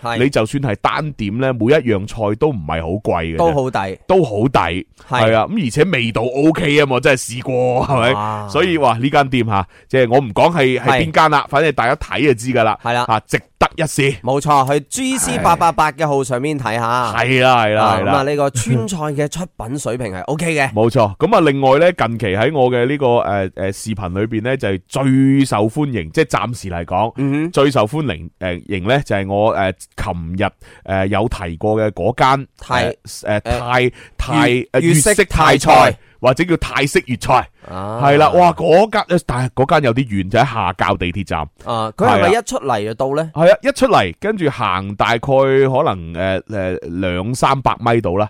A: 本你就算係單點呢，是每一樣菜都唔係好貴嘅，都好抵，都好抵，係啊是！咁而且味道 OK 啊嘛，真係試過係咪？啊、所以話呢間店吓，即係我唔講係係邊間啦，反正大家睇就知噶啦，係啦、啊，吓、啊、值得一試。冇錯，去 G C 八八八嘅號上面
B: 睇下。係啦係啦，咁啊呢、啊啊啊啊呢個川菜嘅出品水平係
A: OK 嘅，冇錯、啊。咁啊，另外咧，近期喺我嘅呢個誒誒視頻裏邊咧，就係最受歡迎，即係暫時嚟講、嗯、哼最受歡迎誒型咧，就係我誒琴日誒有提過嘅嗰間，係誒泰泰誒粵式泰，式泰菜或者叫泰式粵菜，係啦、啊啊，哇，嗰間但係嗰間有啲遠，就喺下滘地鐵站，啊，佢係咪一出嚟就到咧？係啊，一出嚟，跟住行大概可能誒誒兩三百米度啦。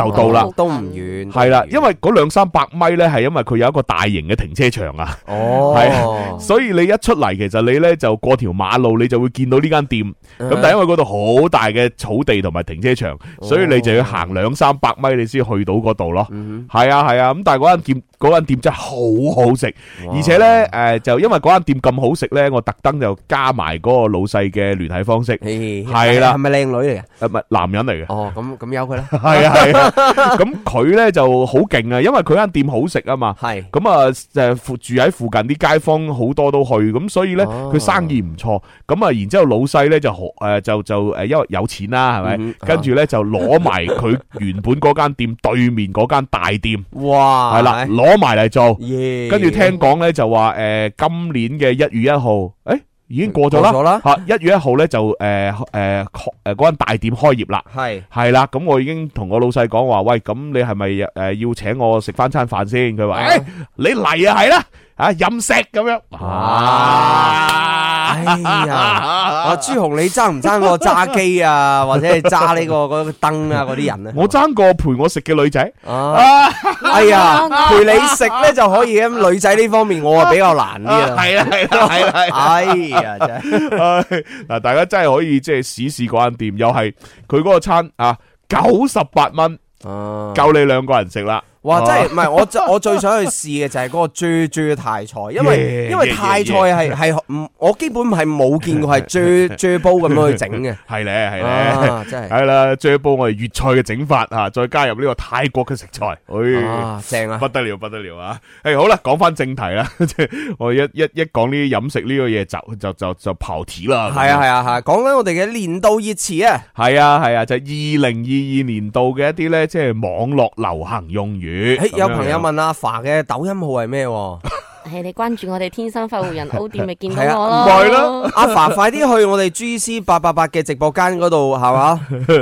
A: 就到啦，都唔
B: 遠。係啦，
A: 因為嗰兩三百米呢，係因為佢有一個大型嘅停車場啊。哦，係，所以你一出嚟，其實你呢就過條馬路，你就會見到呢間店。咁、嗯，但係因為嗰度好大嘅草地同埋停車場，哦、所以你就要行兩三百米，你先去到嗰度咯。嗯，係啊，係啊，咁但係嗰間店。嗰間店真係好好食，而且咧誒就因為嗰間店咁好食咧，我特登就加埋嗰個老細嘅聯繫方式，係啦。係咪靚女嚟嘅？誒唔係男人嚟嘅。哦，咁咁有佢啦。係啊係啊，咁佢咧就好勁啊，因為佢間店好食啊嘛。係。咁啊誒附住喺附近啲街坊好多都去，咁所以咧佢生意唔錯。咁啊，然之後老細咧就學誒就就誒，因為有錢啦，係咪？跟住咧就攞埋佢原本嗰間店對面嗰間大店。哇！係啦，攞。攞埋嚟做，跟住 Yeah, 聽講咧就話誒、呃，今年嘅一月一號，誒、欸、已經過咗啦吓，一了、啊、月一號咧就誒誒誒嗰間大店開業啦，係係啦，咁我已經同我老細講話，喂，咁你係咪誒要請我食翻餐飯先？佢話，誒的、欸、你嚟啊，係啦。啊！飲食咁樣，啊，哎呀！阿朱紅，你爭唔爭過揸機啊，或者係揸呢個
B: 嗰個燈啊嗰啲人咧？我
A: 爭過陪我食嘅女仔，
B: 哎呀，陪你食
A: 咧就可以。咁女
B: 仔呢方面，我啊比較難啲，係啦，係啦，係啦，係啊，真係。
A: 嗱，大家真係可以即係試試嗰間店，又係佢嗰個餐啊，九十八蚊，夠你兩個人食啦。哇！啊、真係
B: 唔係我最我最想去試嘅就係嗰個啫啫泰菜，因為 yeah, yeah, yeah, yeah, 因為泰菜係係唔我基本係冇見過係啫啫煲咁樣去整嘅，係咧係咧，真係
A: 係啦啫煲我哋粵菜嘅整法吓，再加入呢個泰國嘅食材，誒、啊、正啊，不得了不得了啊！誒好啦，講返正題啦，即係我一一一講呢啲飲食呢個嘢就就就就刨鐵啦，係啊係啊吓，
B: 講緊我哋嘅年度熱詞啊，
A: 係啊係啊，就係二零二二年度嘅一啲咧，即係網絡流行用語。誒，欸、有朋友問
B: 阿華嘅抖音號係咩？
C: 係 *laughs* 你關注我哋天生發活人 O *laughs* 店咪見到我咯？唔係咯？阿華快啲
B: 去我哋
A: G C 八八八嘅直播間嗰度，係嘛？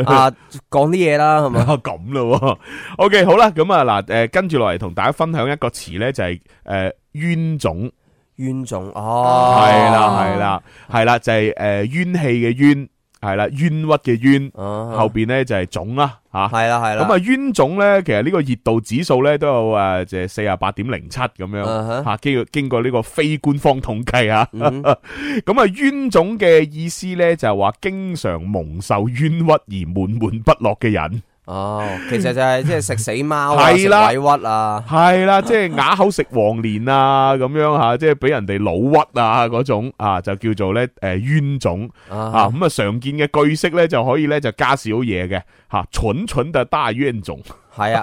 A: 啊，講啲嘢啦，係咪？哦、 *laughs* 啊，咁咯。O、okay, K，好啦，咁啊嗱，誒，跟住落嚟同大家分享一個詞咧、就是呃哦，就係誒冤種，冤種哦，係啦，係啦，係啦，就係誒冤氣嘅冤，係啦，冤屈嘅冤，後邊咧就係種啦。係啦係，啦，咁啊冤種咧，其實呢個熱度指數咧都有誒，即係四啊八點零七咁樣吓，經經過呢個非官方統計啊。咁啊冤種嘅意思咧就係話經常蒙受冤屈而悶悶不樂嘅人。哦，
B: 其實就係即係食死貓啊，食委
A: 屈啊，係啦，即係啞口食黃連啊，咁樣吓，即係俾人哋老屈啊嗰種啊，就叫做咧誒冤種啊。咁啊常見嘅句式咧就可以咧就加少嘢嘅。哈，蠢蠢嘅大冤種，係啊，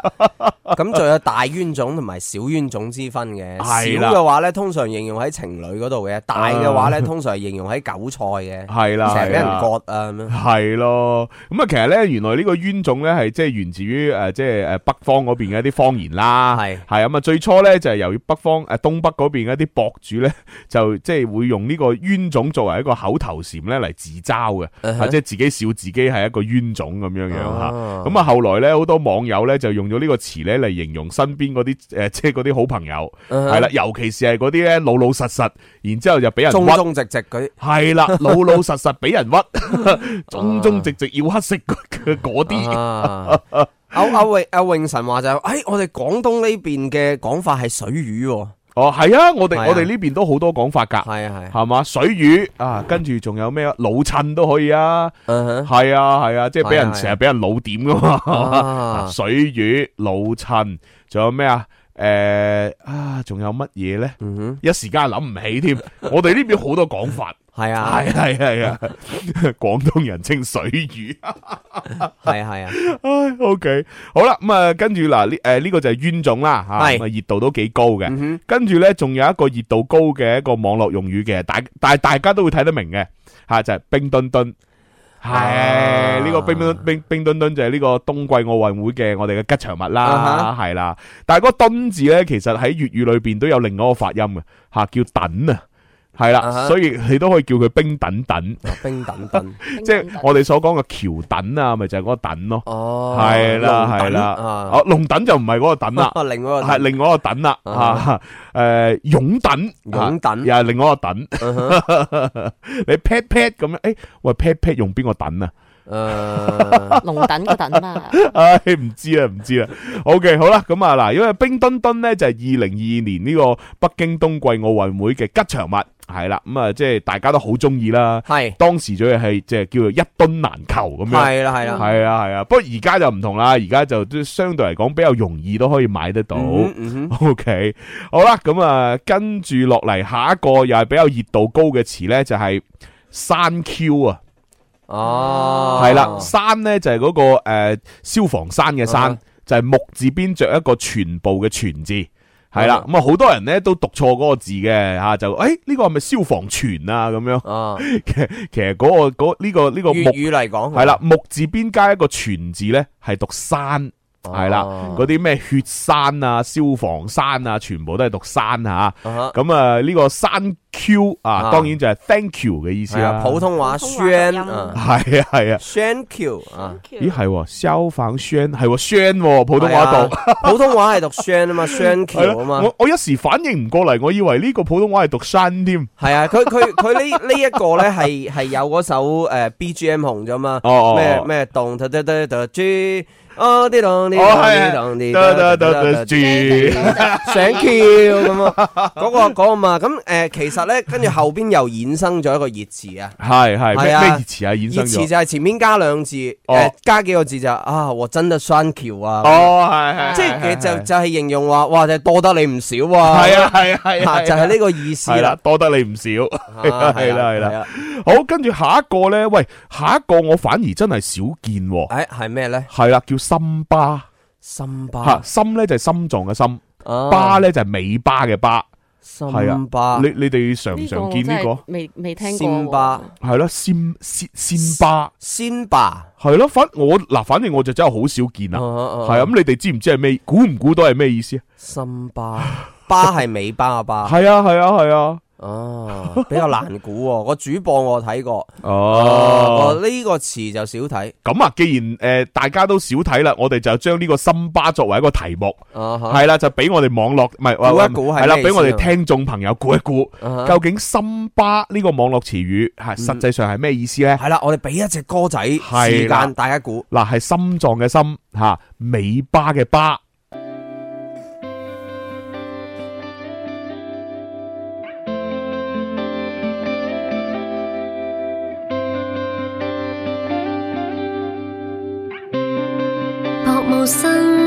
A: 咁仲有大冤種同埋小冤種之分嘅。 *laughs* 小嘅話
B: 咧，通常形容喺情侶嗰度嘅；大嘅話咧，通常係形容喺韭菜嘅。係啦、啊，成日俾人割啊，
A: 係咯、啊。咁啊，樣啊，其實咧，原來呢個冤種咧，係即係源自於誒，即係誒北方嗰邊嘅一啲方言啦。係係咁啊，最初咧就係、是、由於北方誒東北嗰邊嘅一啲博主咧，就即係會用呢個冤種作為一個口頭禪咧嚟自嘲嘅，即係、uh huh. 啊、自己笑自己係一個冤種咁樣樣。Uh huh. 咁啊，後來咧好多網友咧就用咗呢個詞咧嚟形容身邊嗰啲誒，即係啲好朋友係啦、啊，尤其是係嗰啲咧老老實實，然之後就俾人忠忠直直嗰啲係啦，老老實實俾人屈，啊、忠忠直直要乞食嗰啲。
B: 阿阿榮阿榮神話就誒、是哎，我哋廣東呢邊嘅講法係水魚、啊。哦，
A: 係啊，我哋我哋呢邊都好多講法噶，係啊係，係嘛水魚啊，跟住仲有咩啊老襯都可以啊，嗯哼、uh，係啊係啊，啊啊啊即係俾人成日俾人老點噶嘛、uh huh. 啊，水魚老襯，仲有咩啊？誒、呃、啊，仲有乜嘢咧？Mm-hmm. 一時間諗唔起添。 *laughs* 我哋呢邊好多講法，係 *laughs* 啊，係係係啊，廣、啊啊、 *laughs* 東人稱水魚，係啊係啊。 *laughs* 唉，OK，好、嗯嗯呃這個、啦，咁啊是，跟住嗱呢誒呢個就係冤種啦，啊，熱度都幾高嘅。Mm-hmm. 跟住咧，仲有一個熱度高嘅一個網絡用語嘅，大但係大家都會睇得明嘅，吓就係冰墩墩。係呢，這個冰冰冰，冰冰冰冰墩墩就係呢個冬季奧運會嘅我哋嘅吉祥物啦，係啦，uh huh。但係個墩字呢，其實喺粵語裏邊都有另外一個發音嘅，吓叫等啊。係啦，所以你都可以叫佢冰墩墩。冰墩墩，即係我哋所講嘅橋墩啊，咪就係嗰個墩咯。哦，係啦，係啦。哦，龍墩就唔係嗰個墩啦，係另外個墩啦。吓，誒，勇墩，勇墩，又係另外個墩。你 pat pat 咁樣，誒，喂，pat pat 用邊個墩啊？誒，龍墩個墩嘛？唉，唔知啦，唔知啦。OK，好啦，咁啊，嗱，因為冰墩墩咧就係二零二二年呢個北京冬季奧運會嘅吉祥物。係啦，咁啊、嗯，即係大家都好中意啦。係是當時就係即係叫做一噸難求咁樣。係啦，係啦，係啊，係啊。不過而家就唔同啦，而家就相對嚟講比較容易都可以買得到。嗯嗯、OK，好啦，咁、嗯、啊，跟住落嚟下一個又係比較熱度高嘅詞咧，就係、是、山 Q 啊。哦、啊，係啦，山咧就係、是、嗰、那個誒、呃、消防山嘅山，嗯、哼就係木字邊着一個全部嘅全字。係啦，咁啊好多人咧都讀錯嗰個字嘅吓，就誒呢個係咪消防泉啊咁樣？啊，其實嗰個呢個呢個粵語嚟講，係啦了木字邊加一個泉字咧，係讀山。係啦，嗰啲咩血山啊、消防山啊，全部都係讀山吓。咁啊，呢個山 Q 啊，當然就係 thank you 嘅意思啦。普
B: 通話 Shan，係啊係啊 Shan Q 啊。
A: 哦，咦，係消防 Shan 係 Shan，普通話讀
B: 普通話係讀 Shan 啊嘛，Shan Q 啊嘛。我
A: 我一時反應唔過嚟，我以為呢個普通話係讀山添。
B: 係啊，佢佢佢呢呢一個咧係係有嗰首誒 BGM 紅咗嘛？咩咩動得得得得 J。 *laughs* 哦，啲檔啲檔呢檔呢檔，得得得得，住，thank you 咁啊，嗰個講啊嘛，咁誒，其實咧，跟住後邊又衍生咗一個熱詞啊，係係係啊，熱詞啊，衍生熱詞就係前面加兩字，誒，加幾個字就啊，我真係 thank you 啊，哦係係，即係就就係形容話，哇，就多得你唔少啊，係啊係啊係啊，就係呢個意思啦，
A: 多得你唔少，係啦係啦，好，跟住下一個咧，喂，下一個我反而真係少見喎，誒，
B: 係咩咧？
A: 係啦，叫。心巴，
B: 心巴吓
A: 心咧就係心臟嘅心，巴咧就係尾巴嘅巴，心巴。你你哋常唔常見呢個？未
B: 未聽過。心巴
A: 係咯，仙仙仙巴，仙巴係咯。反我嗱，反正我就真係好少見啊。係啊，咁你哋知唔知係咩？估唔估到係咩意思啊？心巴，巴係尾巴啊，巴。係啊係啊係啊。哦，比
B: 較難估。個主播我睇過。
A: 哦，
B: 呢個詞就少睇。
A: 咁啊，既然誒大家都少睇啦，我哋就將呢個心巴作為一個題目，係啦，就俾我哋網絡唔係估一估係啦，俾我哋聽眾朋友估一估，究竟心巴呢個網絡詞語吓，實際上係咩意思呢？係啦，我哋俾一隻歌仔時間大家估。嗱，係心臟嘅心吓，尾巴嘅巴。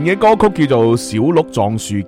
A: 嘅歌曲叫做《小鹿撞樹記》，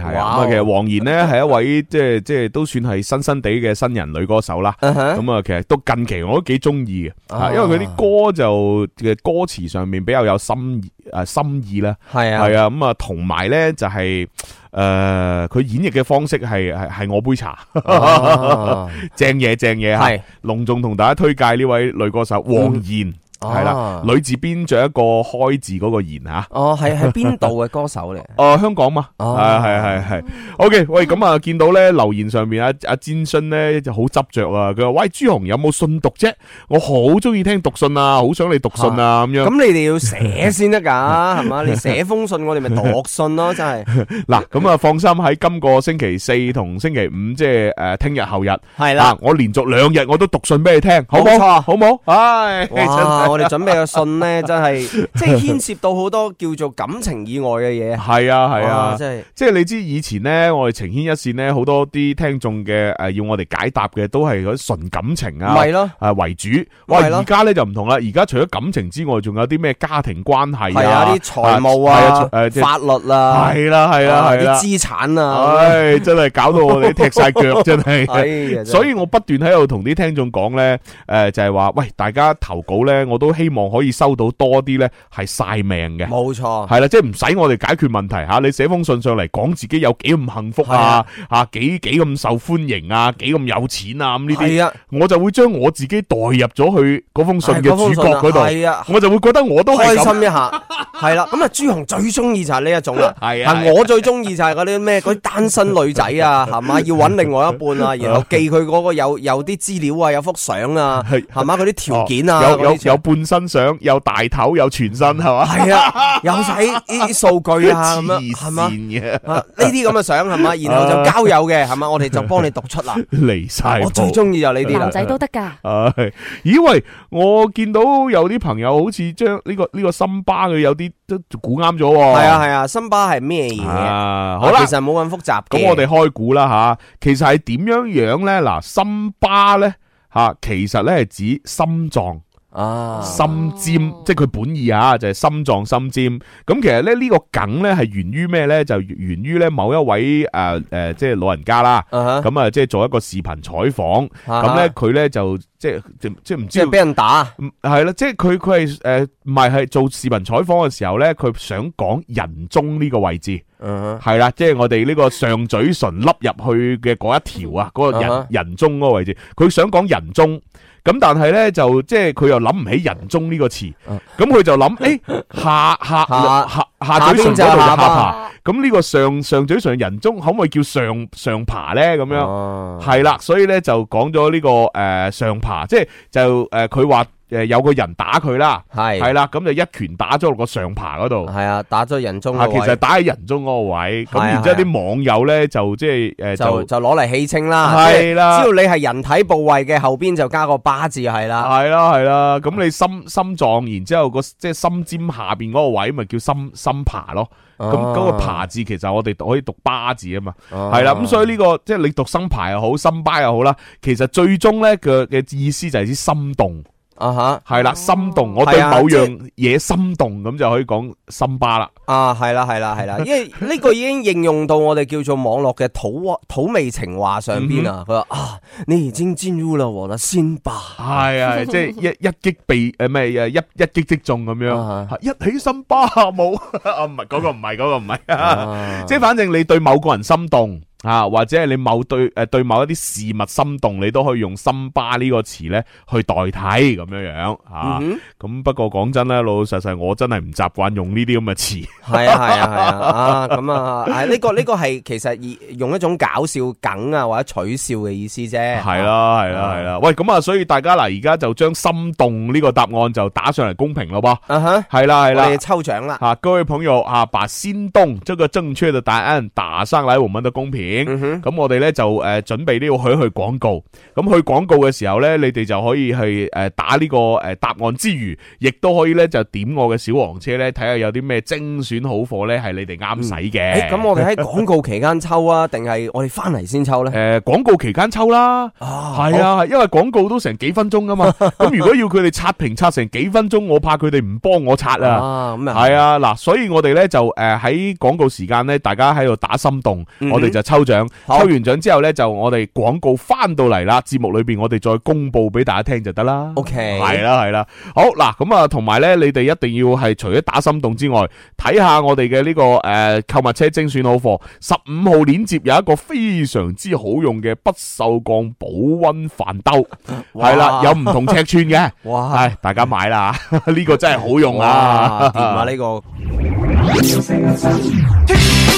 A: 係啊，咁啊，其實黃妍咧係一位即係即係都算係新新哋嘅新人女歌手啦。咁啊、uh，huh. 其實都近期我都幾中意嘅，uh huh. 因為佢啲歌就嘅歌詞上面比較有心啊心意啦。係啊、uh，係、huh. 啊，咁啊，同埋咧就係、是、誒，佢、呃、演繹嘅方式係係我杯茶，uh huh. 正嘢正嘢嚇、uh huh.。隆重同大家推介呢位女歌手黃妍、mm。Hmm. 係啦，女字邊再一個開字嗰個言吓。哦，係係邊度嘅歌手嚟？哦，香港嘛。哦，係係係係。O K，喂，咁啊，見到咧留言上面啊，阿詹信咧就好執着啊。佢話喂，朱紅有冇信讀啫？我好中意聽讀信啊，好想你讀信啊咁樣。咁你哋要寫先得噶，係嘛？你寫封信我哋咪讀信咯，真係。嗱，咁啊，放心喺今個星期四同星期五，即係誒聽日後日係啦。我連續兩日我都讀信俾你聽，好冇？好冇？唉。我哋準備嘅信咧，真係
B: 即係牽涉到好多叫做感情以外嘅嘢。係啊，係
A: 啊，即係即係你知以前咧，我哋情牽一線咧，好多啲聽眾嘅誒，要我哋解答嘅都係嗰啲純感情啊，係咯，誒為主。哇，而家咧就唔同啦，而家除咗感情之外，仲有啲咩家庭關係啊，啲財務啊，誒法律
B: 啊，係啦係啦係啲資產啊，唉，真
A: 係搞到我哋踢晒腳，真係。係，所以我不斷喺度同啲聽眾講咧，誒，就係話喂，大家投稿咧，我，都希望可以收到多啲咧，係晒命嘅，冇錯，係啦，即係唔使我哋解決問題吓，你寫封信上嚟講自己有幾咁幸福啊，吓幾幾咁受歡迎啊，幾咁有錢啊咁呢啲，我就會將我自己代入咗去嗰封信嘅主角嗰度，我就會覺得我都開心
B: 一下，係啦，咁啊朱紅最中意就係呢一種啦，係啊，我最中意就係嗰啲咩嗰啲單身女仔啊，係嘛，要搵另外一半啊，然後寄佢嗰個有有啲資料啊，有
A: 幅相啊，係嘛，佢啲條件啊，有有。半身相有大頭，有全身，係嘛？係啊，
B: 有晒呢啲數據啊，係嘛嘅
A: 呢啲咁嘅
B: 相係嘛？然後就交友嘅係嘛？我哋就
A: 幫你讀出嚟，離晒。我最中意就呢啲男仔都得噶。誒、啊，咦喂、啊，我見到有啲朋友好似將呢個呢個心巴佢有啲都估啱咗。係啊係啊，心巴係咩嘢？啊，好啦，其實冇咁複雜。咁我哋開估啦吓。其實係點樣樣咧？嗱，心巴咧吓，其實咧係指心臟。啊，心尖，即係佢本意吓，就係、是、心臟心尖。咁其實咧呢個梗咧係源於咩咧？就源於咧某一位誒誒、呃呃，即係老人家啦。咁啊、uh huh. 即係做一個視頻採訪。咁咧佢咧就即係即係唔知，即係俾、uh huh. 人打。係啦，即係佢佢係誒唔係係做視頻採訪嘅時候咧，佢想講人中呢個位置。係啦、uh huh.，即係我哋呢個上嘴唇凹入去嘅嗰一條啊，嗰、那個人、uh huh. 人中嗰個位置，佢想講人中。咁但係咧就即係佢又諗唔起人中呢個詞，咁佢 *laughs* 就諗，誒、欸、下下 *laughs* 下下，下嘴唇嗰度就下爬，咁呢個上上嘴唇人中可唔可以叫上上爬咧？咁樣係啦、啊，所以咧就講咗呢個誒、呃、上爬，即係就誒佢話。呃誒，有個人打佢啦，係係啦，咁就一拳打咗落個上爬嗰度，係啊，打咗人中。啊，其實打喺人中嗰個位，咁然之後啲網友咧就即係誒，就就攞嚟戲稱啦，係啦，只要
B: 你係人體部位嘅後邊
A: 就加個巴字係啦，係啦係啦。咁你心心臟，然之後個即係心尖下邊嗰個位咪叫心心爬咯。咁嗰個爬字其實我哋可以讀巴字啊嘛，係啦。咁所以呢個即係你讀心爬又好，心巴又好啦。其實最終咧嘅嘅意思就係啲心動。啊哈，係啦、uh huh.，心動我對某樣嘢心動咁、啊、就可以講心巴啦。啊，係啦係啦係啦，因為
B: 呢個已經應用到我哋叫做網絡嘅土土味情話上邊啊。佢話、嗯、哼啊，你已經 join 啦，我先
A: 巴。係啊的， *laughs* 即係一一擊被誒咩啊，一擊、呃、一擊即中咁樣，uh huh. 一起心巴冇。唔係嗰個唔係嗰個唔係、那個 uh huh. 即係反正你對某個人心動。啊，或者係你某對誒對某一啲事物心動，你都可以用心巴呢個詞咧去代替咁樣樣啊。咁不過講真咧，老老實實我真係唔習慣用呢啲咁嘅詞。係啊係啊係啊啊咁啊！呢
B: 個呢個係其實用一種搞笑梗啊或者取笑嘅意思
A: 啫。係啦係啦係啦。喂，咁啊，所以大家嗱，而家就將心動呢個答案就打上嚟公屏咯噃。啊哈，係啦係啦。我哋抽獎啦。啊，各位朋友啊，把心動這個正確的答案打上來我們的公屏。咁，我哋咧就誒準備呢個去去廣告。咁去廣告嘅時候咧，你哋就可以去誒打呢個誒答案之餘，亦都可以咧就點我嘅小黃車咧，睇下有啲咩精選好貨咧係你哋啱使嘅。咁我哋喺廣告期間抽啊，定係我哋翻嚟先抽咧？誒，廣告期間抽啦，係啊，因為廣告都成幾分鐘㗎嘛。咁如果要佢哋刷屏刷成幾分鐘，我怕佢哋唔幫我刷啊。係啊，嗱，所以我哋咧就誒喺廣告時間咧，大家喺度打心動，我哋就抽。抽獎好抽完獎之後呢，就我哋廣告翻到嚟啦。節目裏邊我哋再公布俾大家聽就得啦。OK，係啦係啦。好嗱，咁啊，同埋呢，你哋一定要係除咗打心動之外，睇下我哋嘅呢個誒購、呃、物車精選好貨，十五號鏈接有一個非常之好用嘅不銹鋼保溫飯兜，係啦哇，有唔同尺寸嘅。哇，大家買啦，呢 *laughs* 個真係好用啊！掂啊，呢、這個。 *laughs*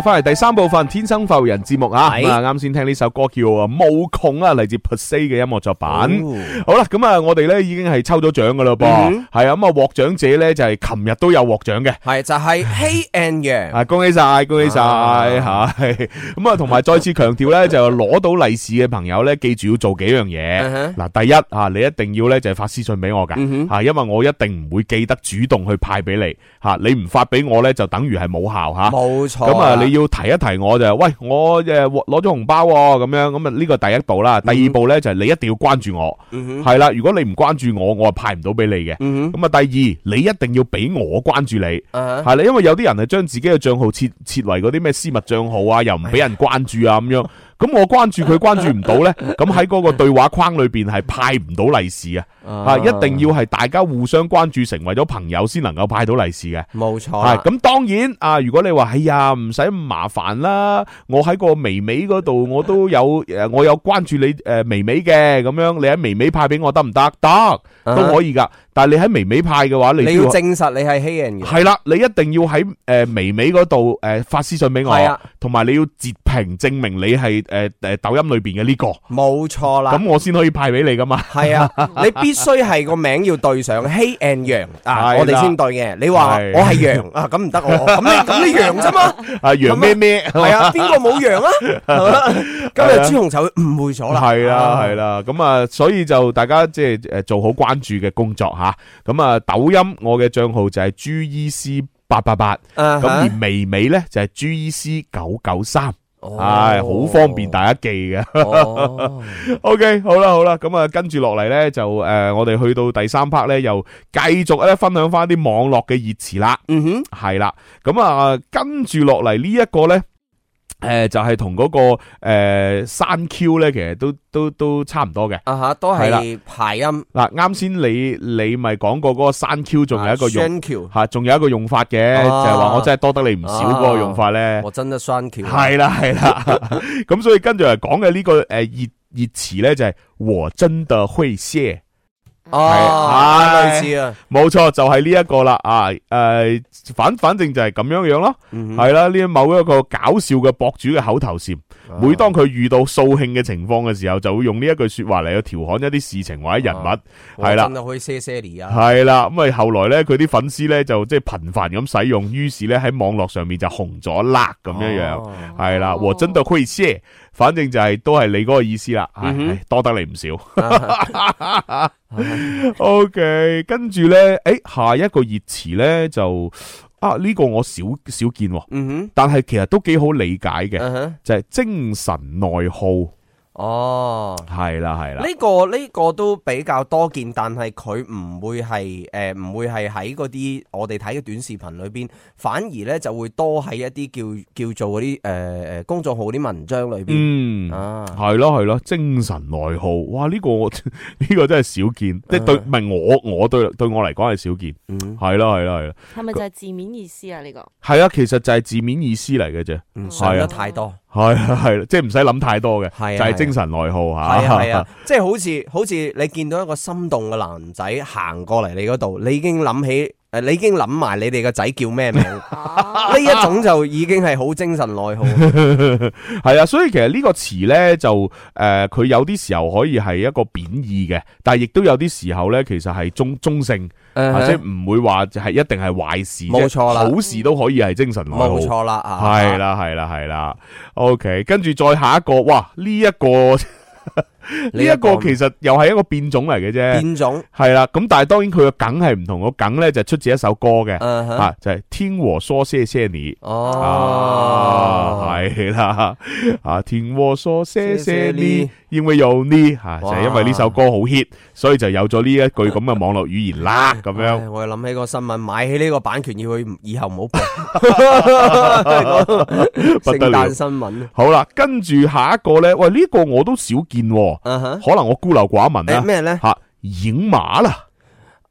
A: 翻嚟第三部分《天生浮人》節目啊！啱先聽呢首歌叫《無窮》啊，嚟自 Perce 嘅音樂作品。好啦，咁啊，我哋咧已經係抽咗獎噶啦噃，係啊！咁啊，獲獎者咧就係琴日都有獲獎嘅，係就係 Hey and 嘅。a 恭喜晒，恭喜晒，係咁啊！同埋再次強調咧，就攞到利是嘅朋友咧，記住要做幾樣嘢。嗱，第一啊，你一定要咧就係發私信俾我噶，吓，因為我一定唔會記得主動去派俾你吓，你唔發俾我咧就等於係冇效吓，冇
B: 錯。咁啊，你
A: 要提一提我就係，喂，我誒攞咗紅包咁、哦、樣，咁啊呢個第一步啦。第二步呢就係你一定要關注我，係啦、嗯哼。如果你唔關注我，我係派唔到俾你嘅。咁啊、嗯哼，第二你一定要俾我關注你，係啦、啊。因為有啲人係將自己嘅賬號設設為嗰啲咩私密賬號啊，又唔俾人關注啊，咁、哎、呀樣。咁我關注佢關注唔到呢？咁喺嗰個對話框裏邊係派唔到利是啊！啊，一定要係大家互相關注，成為咗朋友先能夠派到利、啊、是嘅。冇錯。係，咁當然啊，如果你話哎呀唔使咁麻煩啦，我喺個微微嗰度我都有誒，我有關注你誒、呃、微你微嘅，咁樣你喺微微派俾我得唔得？得都可以噶。但係你喺微微派嘅話你，你要證
B: 實你係欺人嘅。係啦，
A: 你一定要喺誒、呃、微微嗰度誒發私信俾我，同埋的你要截屏證，證明你係。誒誒，抖音裏邊嘅呢個冇錯啦，咁我先可以派俾你噶嘛？係啊，你必須係個名要對上，希 and 楊啊，我哋先對嘅。你話我係楊
B: 啊，咁唔得喎，咁你咁你楊啫嘛？
A: 啊，楊咩咩？係啊，邊個冇楊啊？今日朱紅
B: 就誤會咗
A: 啦。係啦，係啦，咁啊，所以就大家即係誒做好關注嘅工作吓。咁啊，抖音我嘅賬號就係 G E C 八八八，咁而微微咧就係 G E C 九九三。係好、哦哎、方便大家記嘅。OK，好啦好啦，咁啊跟住落嚟咧就誒、呃，我哋去到第三 part 咧又繼續咧分享翻啲網絡嘅熱詞啦。嗯哼，係啦，咁啊跟住落嚟呢一個咧。誒、呃，就係同嗰個誒三、呃、Q 咧，其實都都都差唔多嘅。啊哈，都係排音。嗱，啱先你你咪講過嗰個三 Q，仲有一個用吓，仲、啊、有一個用法嘅，啊、就係話我真係多得你唔少嗰個用法咧、啊。我真的三 Q。係啦係啦，咁 *laughs* *laughs* 所以跟住嚟講嘅呢個誒熱熱詞咧，就係我真的會謝。係，類似啊，冇錯，就係呢一個啦，啊，誒，反反正就係咁樣樣咯，係啦、嗯哼，呢某一個搞笑嘅博主嘅口頭禪，啊、每當佢遇到掃興嘅情況嘅時候，就會用呢一句說話嚟去調侃一啲事情或者人物，係啦、啊，可以謝謝啊，係啦，咁啊後來咧，佢啲粉絲咧就即係頻繁咁使用，於是咧喺網絡上面就紅咗啦咁樣樣，係啦、啊，和真都可以謝謝反正就係、係、都係你嗰個意思啦、嗯哼，多得你唔少。OK，跟住咧，誒，下一個熱詞咧就啊呢、呢個我少少見、哦，嗯哼，但係其實都幾好理解嘅，嗯、哼就係精神內耗。哦，係啦係啦，呢
B: 個呢個都比較多見，但係佢唔會係誒唔會係喺嗰啲我哋睇嘅短視頻裏邊，反而咧就會多喺一啲叫叫做嗰啲誒誒公眾號啲文章裏邊。
A: 嗯啊，係咯係咯，精神內耗，哇呢個呢個真係少見，即係對唔係我我對對我嚟講係少見，係咯係咯係咯，係咪就係
C: 字面意思啊？呢個
A: 係啊，其實就係字面意思嚟嘅啫，想得太多，係係即係唔使諗太多嘅，係即。精神內耗吓，係啊，係啊，
B: *laughs* 即係好似好似你見到一個心動嘅男仔行過嚟你嗰度，你已經諗起。你已經諗埋你哋個仔叫咩名？呢 *laughs* 一種
A: 就已經係好精神內耗。係 *laughs* 啊，所以其實呢個詞呢，就誒，佢、呃、有啲時候可以係一個貶義嘅，但係亦都有啲時候呢，其實係中中性，或者唔會話係一定係壞事。冇錯啦，好事都可以係精神內耗。冇錯啦，係、啊、啦，係啦、啊，係啦、啊啊啊啊。OK，跟住再下一個，哇！呢、這、一個。 *laughs* 呢一個其實又係一個變種嚟嘅啫，變種係啦。咁但係當然佢個梗係唔同，個梗咧就出自一首歌嘅，吓，就係聽我說謝謝你哦，係啦啊，聽我說謝謝你，因為有你吓，就係因為呢首歌好 hit，所以就有咗呢一句咁嘅網絡語言啦。咁樣，
B: 我又諗起個新聞，買起呢個版權要去以後唔
A: 好，聖誕新聞好啦。跟住下一個咧，喂呢個我都少見。嗯哼，可能我孤陋寡聞啦。咩咧吓？贏麻啦。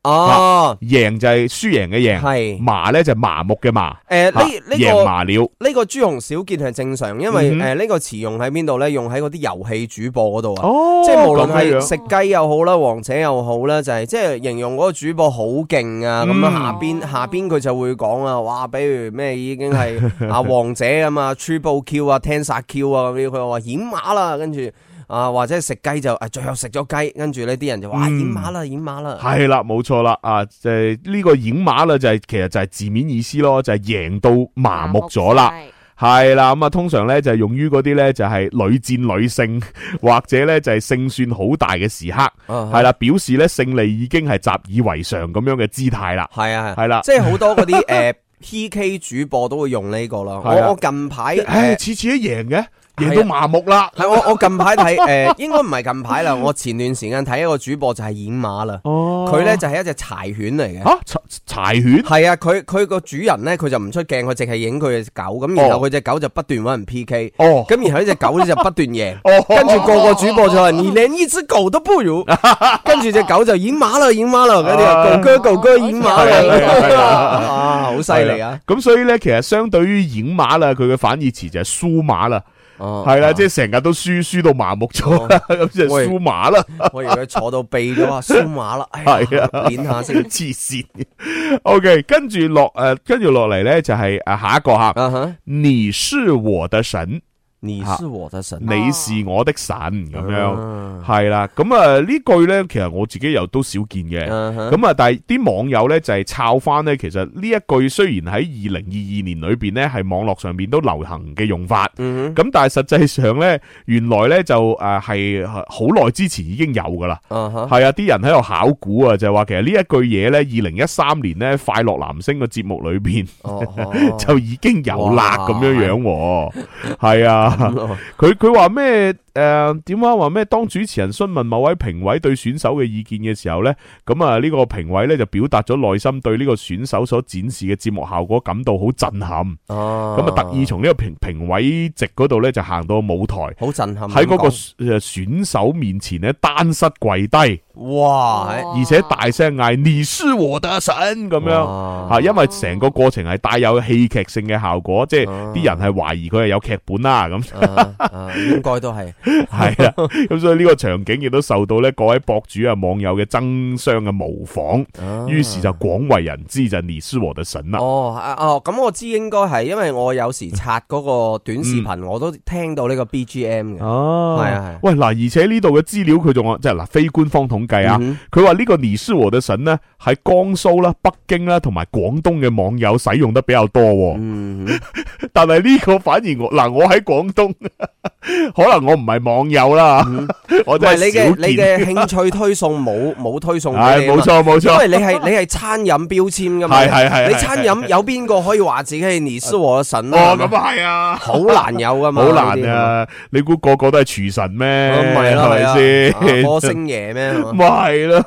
A: 哦，贏就係輸贏嘅贏。係。麻咧就麻木嘅麻。誒，呢呢個贏麻
B: 呢個朱紅少見係正常，因為誒呢個詞用喺邊度咧？用喺嗰啲遊戲主播嗰度啊。即係無論係食雞又好啦，王者又好啦，就係即係形容嗰個主播好勁啊。咁樣下邊下邊佢就會講啊，哇，比如咩已經係啊王者咁啊，初步 Q 啊，聽殺 Q 啊咁樣。佢話贏麻啦，跟住。啊，或者食雞就，最後食咗雞，跟住呢啲人就話，贏麻啦，贏麻啦，係啦，
A: 冇錯啦，啊，就呢個贏麻啦，就係其實就係字面意思咯，就係贏到麻木咗啦，係啦，咁啊，通常咧就係用於嗰啲咧就係屢戰屢勝，或者咧就係勝算好大嘅時刻，係啦，表示咧勝利已經係習以為常咁樣嘅姿態啦，係啊，係啦，即係好多嗰啲
B: 誒 PK 主播都會用呢個啦，我近排誒次
A: 次都贏嘅。
B: 贏到麻木啦！係，我我近排睇誒，應該唔係近排啦，我前段時間睇一個主播就係演馬啦。哦，
F: 佢咧就係
B: 一隻柴犬嚟嘅。吓柴柴犬係啊！佢佢個主人咧，佢就唔出鏡，佢淨係影佢嘅狗。咁然後佢隻狗就不斷搵人 P K。哦，咁然後呢隻狗咧就不斷贏。哦，跟住個個主播就話你連一隻狗都不如。跟住隻狗就演馬啦，演馬啦，跟住狗哥狗哥演馬啦。啊，好犀利啊！
A: 咁所以咧，其實相對於演馬啦，佢嘅反義詞就係輸馬啦。 *noise* 哦，係啦，即係成日都輸，輸到麻木咗，咁就輸麻啦。我
B: 以而佢坐到痹咗 *noise* 啊，輸麻啦，係 *noise* 啊，練、哎、下成黐線。
A: OK，跟住落誒、呃，跟住落嚟咧就係誒下一個吓，啊、你是我的神。你是我的神，你是我的神咁、啊、樣，係啦，咁啊呢句呢，其實我自己又都少見嘅，咁啊、嗯哼，但係啲網友呢，就係抄翻呢。其實呢一句雖然喺二零二二年裏邊呢，係網絡上面都流行嘅用法，咁、嗯、哼但係實際上呢，原來呢，就誒係好耐之前已經有噶啦，係、嗯、哼啊，啲人喺度考古啊，就話其實呢一句嘢呢，二零一三年呢，快樂男聲嘅節目裏邊、哦、哼 *laughs* 就已經有啦咁樣樣，係哇啊。佢佢話咩，誒點啊？話咩、嗯哦呃、當主持人詢問某位評委對選手嘅意見嘅時候呢，咁啊呢個評委呢就表達咗內心對呢個選手所展示嘅節目效果感到好震撼。哦、
B: 啊，咁啊特意
A: 從呢個評評委席嗰度呢就行到舞台，好震撼喺嗰個選手面前咧單膝跪低。嗯哦哇！而且大聲嗌尼斯和特神咁樣吓，因為成個過程係帶有戲劇性嘅效果，即係啲人係懷疑佢係有劇本啦咁，應
B: 該都係係啊！
A: 咁所以呢個場景亦都受到咧各位博主啊、網友嘅爭相嘅模仿，於是就廣為人知就尼斯和特神啦。
B: 哦，哦，咁我知應該係，因為我有時刷嗰個短視頻，我都聽到呢個 BGM
A: 嘅。哦，係啊，喂嗱，而且呢度嘅資料佢仲有即係嗱，非官方統。計啊！佢話呢個尼斯和嘅神咧，喺江蘇啦、北京啦同埋廣東嘅網友使用得比較多。但係呢個反而我嗱，我喺廣東，可能我唔係網友啦，我都係少見。你嘅你嘅興
B: 趣推送冇冇推送嘅？冇錯冇錯，因為你係你係餐飲標籤噶嘛。係係係，你餐飲有邊個可以話自己係尼斯和嘅神？哇，咁係啊，好難有噶嘛，好難啊！
A: 你估個個都係廚神咩？唔係啦，係咪先？火星爺
B: 咩？咪
A: 係咯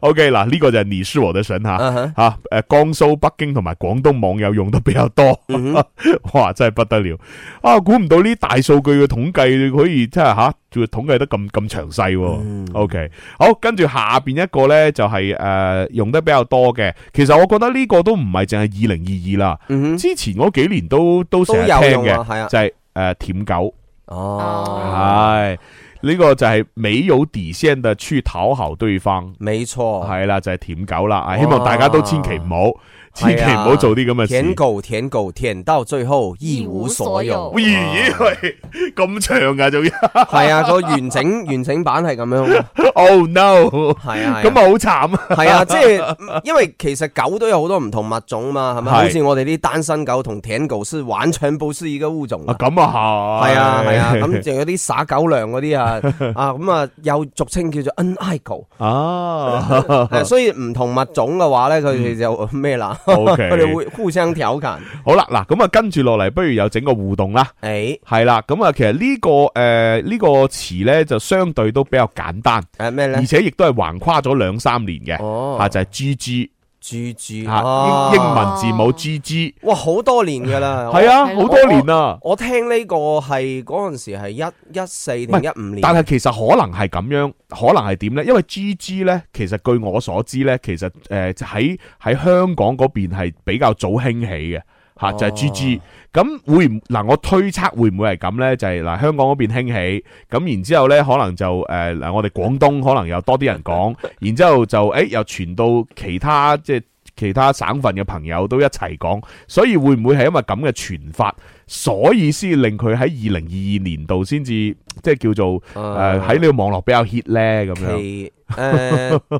A: ，OK 嗱，呢、這個就係尼斯河的神吓吓，誒、uh huh. 啊呃，江蘇、北京同埋廣東網友用得比較多，uh huh. 哇，真係不得了啊！估唔到呢大數據嘅統計可以真係吓，仲、啊、統計得咁咁詳細、哦。Uh huh. OK，好，跟住下邊一個咧就係、是、誒、呃、用得比較多嘅，其實我覺得呢個都唔係淨係二零二二啦，uh huh. 之前嗰幾年都都成日聽嘅，係啊，就係、是、誒、呃、舔狗哦，係。Oh. Oh. 呢個就係沒有底線的去討好對方，沒錯，係啦，就係、是、舔狗啦啊！哇希望大家都千祈唔好。千祈唔好做啲咁嘅事，舔狗
B: 舔狗。舔狗舔狗舔到最後一無所有。咦咦喂，咁 *laughs* 長啊，仲要係啊、那個完整完整版係咁樣。Oh
A: no，係啊，咁啊好慘啊。係啊，即係、
B: 啊、因為其實狗都有好多唔同物種嘛，係咪？好似我哋啲單身狗同舔狗是玩搶布斯而家物種 *laughs* 啊。咁啊係，係啊係啊，咁仲、啊啊啊啊、有啲撒狗糧嗰啲啊啊咁啊，又俗稱叫做
A: nigel 啊。所以
B: 唔、啊、 *laughs* *laughs* 同物種嘅話咧，佢哋就咩啦？
A: *laughs* *laughs* *laughs* *laughs* 佢哋 Okay. *laughs* 會
B: 互相調侃。
A: *laughs* 好啦，嗱，咁啊，跟住落嚟，不如有整個互動啦。誒、欸，係啦，咁、嗯、啊，其實、這個呃這個、詞呢個誒呢個詞咧，就相對都比較簡單。誒、啊，咩咧？而且亦都係橫跨咗兩三年嘅。哦，啊，就係、是、GG。G G、啊、英文字母 G G，
B: 哇，好多年噶啦，係啊，好多年啦。我聽呢個係嗰陣時係一一四定一五年，但係
A: 其實可能係咁樣，可能係點呢？因為 G G 呢，其實據我所知呢，其實誒喺喺香港嗰邊係比較早興起嘅，吓就係、是、G G。啊咁會唔嗱？我推測會唔會係咁呢？就係嗱，香港嗰邊興起，咁然之後呢，可能就誒嗱、呃，我哋廣東可能又多啲人講，然之後就誒又傳到其他即係其他省份嘅朋友都一齊講，所以會唔會係因為咁嘅傳法？所以先令佢喺二零二二年度先至？即係叫做誒，喺呢個網絡比較 hit 咧，咁樣。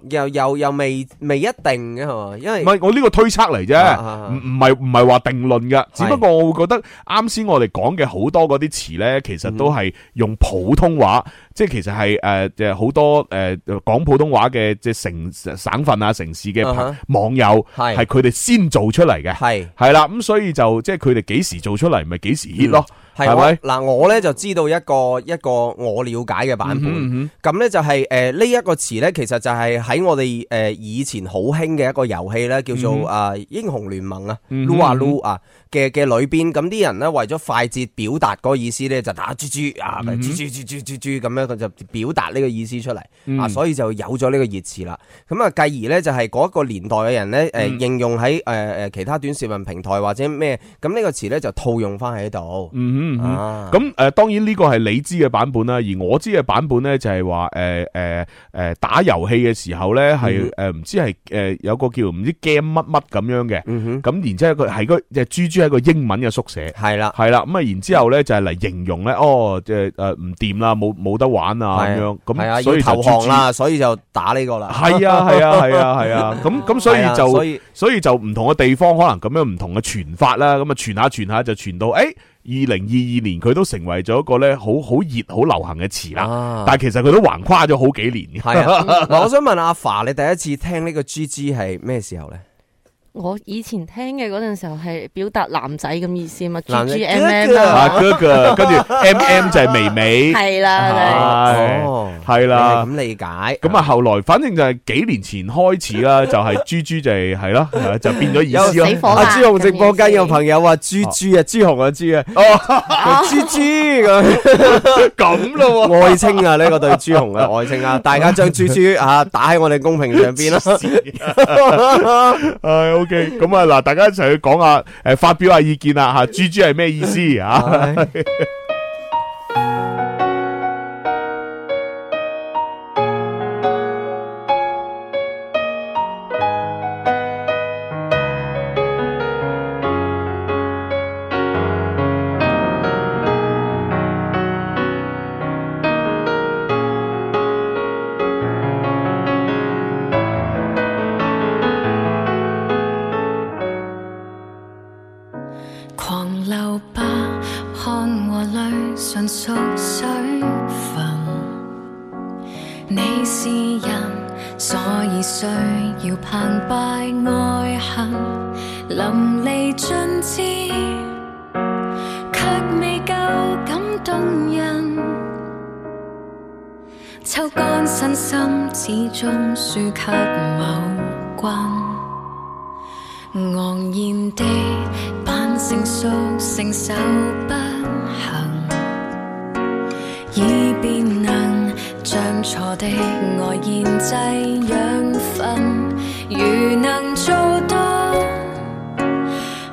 B: 又又又未未一定嘅係嘛，因
A: 為唔係我呢個推測嚟啫，唔係唔係話定論噶。只不過我會覺得啱先我哋講嘅好多嗰啲詞咧，其實都係用普通話，即係其實係誒，即係好多誒講普通話嘅即係城省份啊、城市嘅網友係，係佢哋先做出嚟嘅，係係啦。咁所以就即係佢哋幾時做出嚟，咪幾時 hit 咯。係咪
B: 嗱？我咧就知道一個一個我了解嘅版本，嗯哼嗯哼。咁咧就係誒呢一個詞咧，其實就係喺我哋誒以前好興嘅一個遊戲咧，叫做啊英雄聯盟啊、嗯嗯嗯，擼啊擼啊嘅嘅裏邊。咁啲人咧為咗快捷表達個意思咧，就打豬豬、嗯、哼啊，豬豬豬豬豬豬咁樣，就表達呢個意思出嚟啊。嗯、哼所以就有咗呢個熱詞啦。咁啊，繼而咧就係嗰一個年代嘅人咧，誒、嗯、哼應用喺誒誒其他短視頻平台或者咩咁，呢個詞咧就套用翻喺度。嗯
A: 咁誒，當然呢個係你知嘅版本啦，而我知嘅版本咧就係話誒誒誒打遊戲嘅時候咧係誒唔知係誒有個叫唔知 game 乜乜咁樣嘅，咁然之後一個係個即係 G G 係個英文嘅縮寫，係啦係啦，咁啊然之後咧就係嚟形容咧，哦即係誒唔掂啦，冇冇得玩啊咁樣，咁所以投降啦，
B: 所以就打呢個啦，係啊係啊係啊係啊，咁咁所以就
A: 所以就唔同嘅地方可能咁樣唔同嘅傳法啦，咁啊傳下傳下就傳到誒。二零二二年佢都成為咗一個咧好好熱好流行嘅詞啦，啊、但係其實佢都橫跨咗好幾年。係啊， *laughs* 嗱我
B: 想問阿華，你第一次聽呢個 G G 係咩時候呢？
C: 我以前聽嘅嗰陣時候係表達男仔咁意思嘛，G G M M 啦，啊哥哥，跟住
A: M M 就係妹妹，係啦，係啦，咁理解。咁啊後來，反正就係幾年前開始啦，就係 G G 就係係咯，就變咗意思啦。阿朱紅直播間有朋友話 G G 啊，朱紅嘅 G 啊，哦，G
B: G 咁咁咯，愛稱啊呢個對朱紅嘅愛稱啊，大家將 G G
A: 啊打喺我哋公屏上邊啦。O K，咁啊，嗱，大家一齊去講下，誒，發表下意見啦，吓，G G 係咩意思啊？
E: 昂然地扮成熟，承受不幸，以便能將錯的愛醃製養分。如能做到，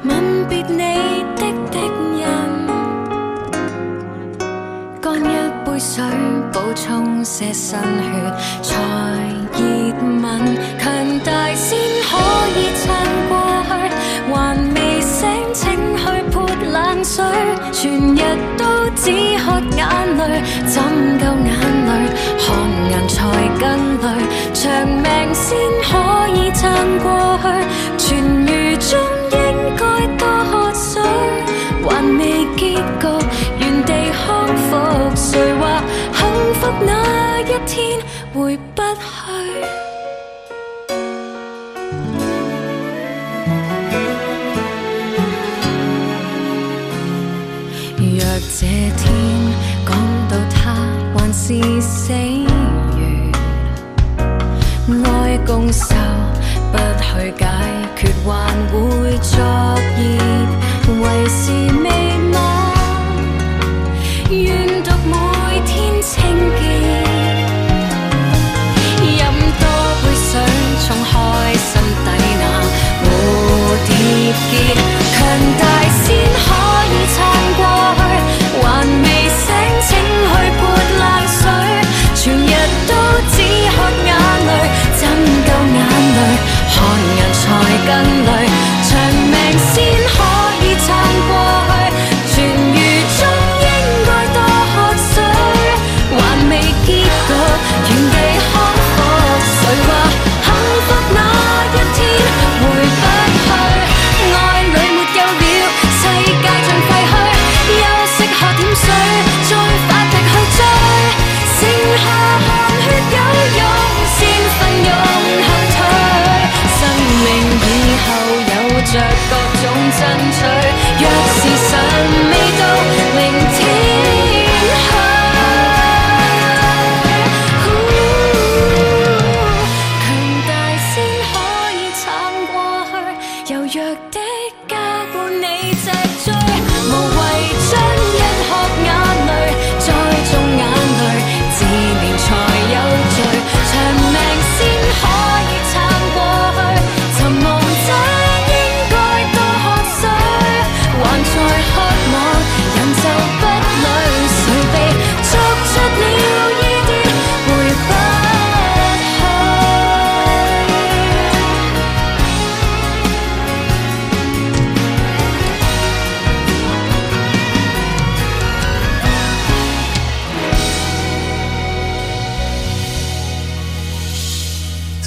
E: 吻別你的敵人，乾一杯水，補充些心血。全日都只喝眼淚，怎夠眼淚？看人才更累，長命先可以撐過去。是死穴，愛共愁不去解決，還會作孽。為時未晚，願讀每天清潔，飲多杯水，沖開心底那蝴蝶結，強大先可。才更。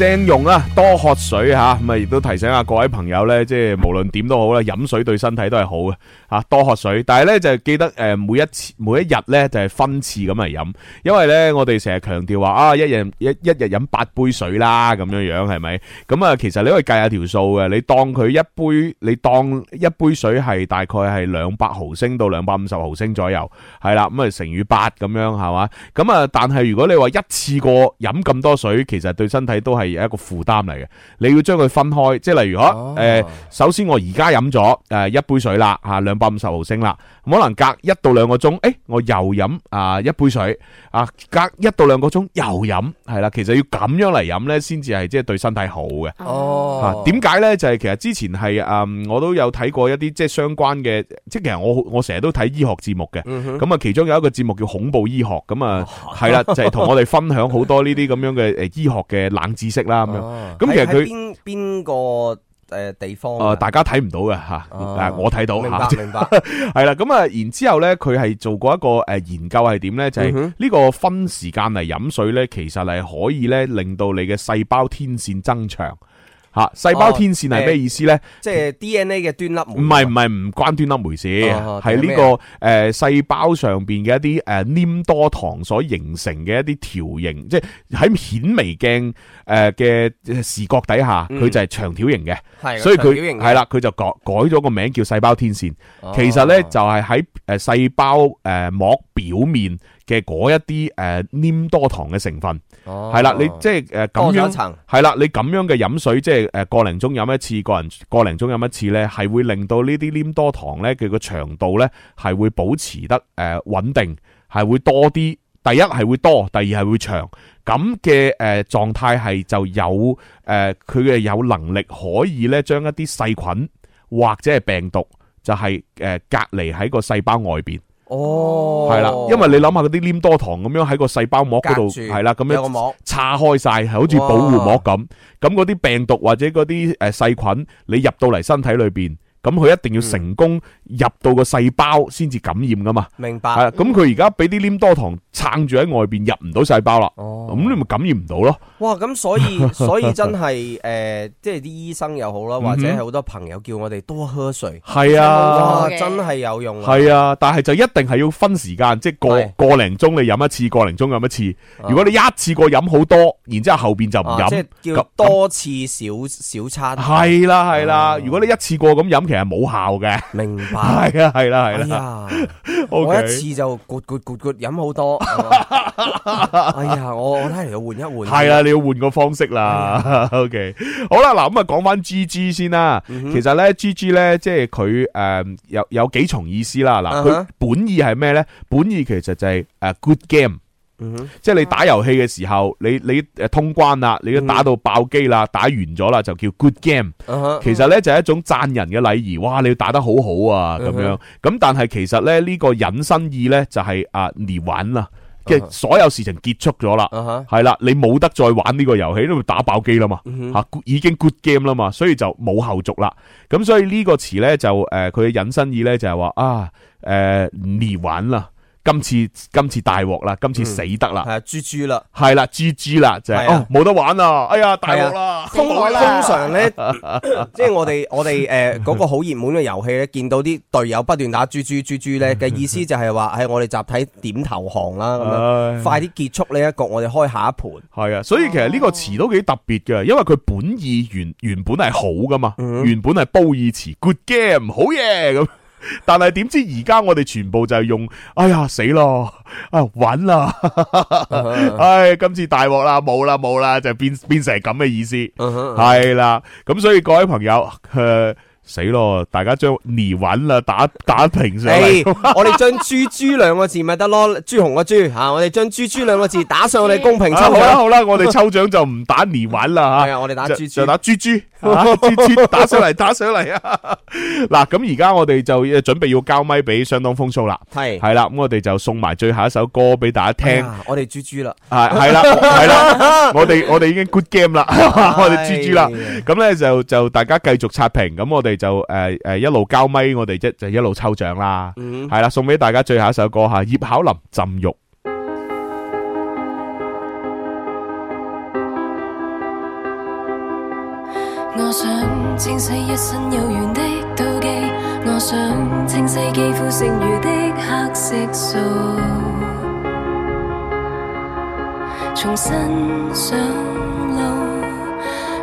A: 正用啊，多喝水吓，咁啊亦都提醒下各位朋友咧，即係無論點都好啦，飲水對身體都係好嘅吓，多喝水。但係咧就記得誒，每一次每一日咧就係分次咁嚟飲，因為咧我哋成日強調話啊，一日一一日飲八杯水啦，咁樣樣係咪？咁啊，其實你可以計下條數嘅，你當佢一杯，你當一杯水係大概係兩百毫升到兩百五十毫升左右，係啦，咁啊乘以八咁樣係嘛？咁啊，但係如果你話一次過飲咁多水，其實對身體都係。而係一個負擔嚟嘅，你要將佢分開，即係例如可，誒、呃，首先我而家飲咗誒一杯水啦，吓兩百五十毫升啦。可能隔一到兩個鐘，誒，我又飲啊一杯水，啊，隔一到兩個鐘又飲，係啦，其實要咁樣嚟飲咧，先至係即係對身體好嘅。哦，吓點解咧？就係其實之前係誒，我都有睇過一啲即係相關嘅，即係其實我我成日都睇醫學節目嘅。咁啊，其中有一個節目叫恐怖醫學，咁啊係啦，就係同我哋分享好多呢啲咁樣嘅誒醫學嘅冷知識啦。咁樣，咁其實佢邊
B: 邊個？誒，地方誒，
A: 大家睇唔到嘅吓，誒、哦，我睇到，明白明白，係啦，咁啊， *laughs* 然之後咧，佢係做過一個誒研究，係點咧？就係呢個分時間嚟飲水咧，其實係可以咧，令到你嘅細胞天線增長。吓，細胞天線係咩意思咧、哦？即係
B: D N A 嘅端粒唔係唔係
A: 唔關端粒酶事，係呢、哦這個誒、呃、細胞上邊嘅一啲誒、呃、黏多糖所形成嘅一啲條形，即係喺顯微鏡誒嘅視角底下，佢、嗯、就係長條形嘅，的所以佢係啦，佢就改改咗個名叫細胞天線，其實咧、哦、就係喺誒細胞誒膜表面，嘅嗰一啲誒黏多糖嘅成分，哦，係啦，你即係誒咁樣，係啦，你咁樣嘅飲水，即係誒個零鐘飲一次，一個人個零鐘飲一次咧，係會令到呢啲黏多糖咧，佢個長度咧係會保持得誒穩定，係會多啲。第一係會多，第二係會長，咁嘅誒狀態係就有誒佢嘅有能力可以咧將一啲細菌或者係病毒，就係誒隔離喺個細胞外邊。哦，係啦，因為你諗下嗰啲黏多糖咁樣喺個細胞膜嗰度，係啦著，咁樣叉開晒，係好似保護膜咁。咁嗰啲病毒或者嗰啲誒細菌，你入到嚟身體裏邊。咁佢一定要成功入到個細胞先至感染噶嘛？明白。係啊，咁佢而家俾啲黏多糖撐住喺外邊，入唔到細胞啦。哦。咁你咪感染唔到咯。哇！咁
B: 所以所以真係誒，即係啲醫生又好啦，或者係好多朋友叫我哋多喝水。係啊，真係有用。係啊，
A: 但係就一定係要分時間，即係個個零鐘你飲一次，個零鐘飲一次。如果你一次過飲好多，然之後後邊就唔飲，即係
B: 叫多次少少餐。係
A: 啦，係啦，如果你一次過咁飲。其實冇效嘅，明白係啊，係啦， *laughs* 係啦。哎、呀
B: *laughs* 我一次就咕咕咕咕飲好多。 *laughs* 哎呀，我我睇嚟要換一換。係啦，你
A: 要換個方式啦。O K，哎、呀 *laughs* 好啦，嗱咁啊，講翻 G G 先啦。嗯、哼其實咧，G G 咧，即係佢誒有有幾重意思啦。嗱，佢、uh huh? 本意係咩咧？本意其實就係誒 Good Game。即係你打遊戲嘅時候，你你誒通關啦，你都打到爆機啦，打完咗啦就叫 good game、uh。Huh, 其實咧就係一種讚人嘅禮儀。哇，你打得好好啊咁樣。咁、uh huh. 但係其實咧呢個引申意咧就係啊玩完啦，嘅、uh huh. 所有事情結束咗啦，係啦、uh huh.，你冇得再玩呢個遊戲，因為打爆機啦嘛，吓、uh huh. 已經 good game 啦嘛，所以就冇後續啦。咁所以呢個詞咧就誒佢嘅引申意咧就係話啊誒玩完啦。呃你玩今次今次大鑊啦，今次死得啦，係啊，豬豬啦，係啦，豬豬啦，就係冇得玩啊！哎呀，大鑊啦，通常咧，即係我哋我哋誒嗰個
B: 好熱門嘅遊戲咧，見到啲隊友不斷打豬豬豬豬咧嘅意思就係話，係我哋集體
A: 點投降啦，
B: 咁樣，快啲結束呢一局，我哋開下一盤。
A: 係啊，所以其實呢個詞都幾特別嘅，因為佢本意原原本係好噶嘛，原本係褒義詞，good game，好嘢咁。但係點知而家我哋全部就係用，哎呀死咯，啊穩啦，唉、uh huh. 哎、今次大鑊啦，冇啦冇啦，就變變成咁嘅意思，係啦、uh，咁、huh. uh huh. 所以各位朋友。呃死咯！大家將兒玩啦，打打平上，欸、 *laughs*
B: 我哋將豬豬兩個字咪得咯，豬 *laughs* 紅個豬吓。我哋將豬豬兩個字打上我哋公屏抽，啊。好啦，啊，好啦、啊，我哋抽獎就唔打
A: 兒玩啦吓。係啊，我哋打豬豬， *laughs* 打豬豬，豬豬，啊、打上嚟，打上嚟啊！嗱，啊，咁而家我哋就準備要交咪俾相當風騷啦。係係啦，咁我哋就送埋最後一首歌俾大家聽。
B: 我哋豬豬啦，係係啦，係啦，我哋，啊、我
A: 哋已經 good game 啦， *laughs* *laughs* *laughs* 我哋豬豬啦。咁咧就就大家繼續刷屏。咁我哋。就誒誒、呃呃、一路交咪我哋啫，就一路抽獎啦，係啦、嗯嗯，送俾大家最後一首歌嚇，《葉巧琳浸浴》。
H: 我想清洗一身有緣的妒忌，我想清洗肌膚剩餘的黑色素，重新想。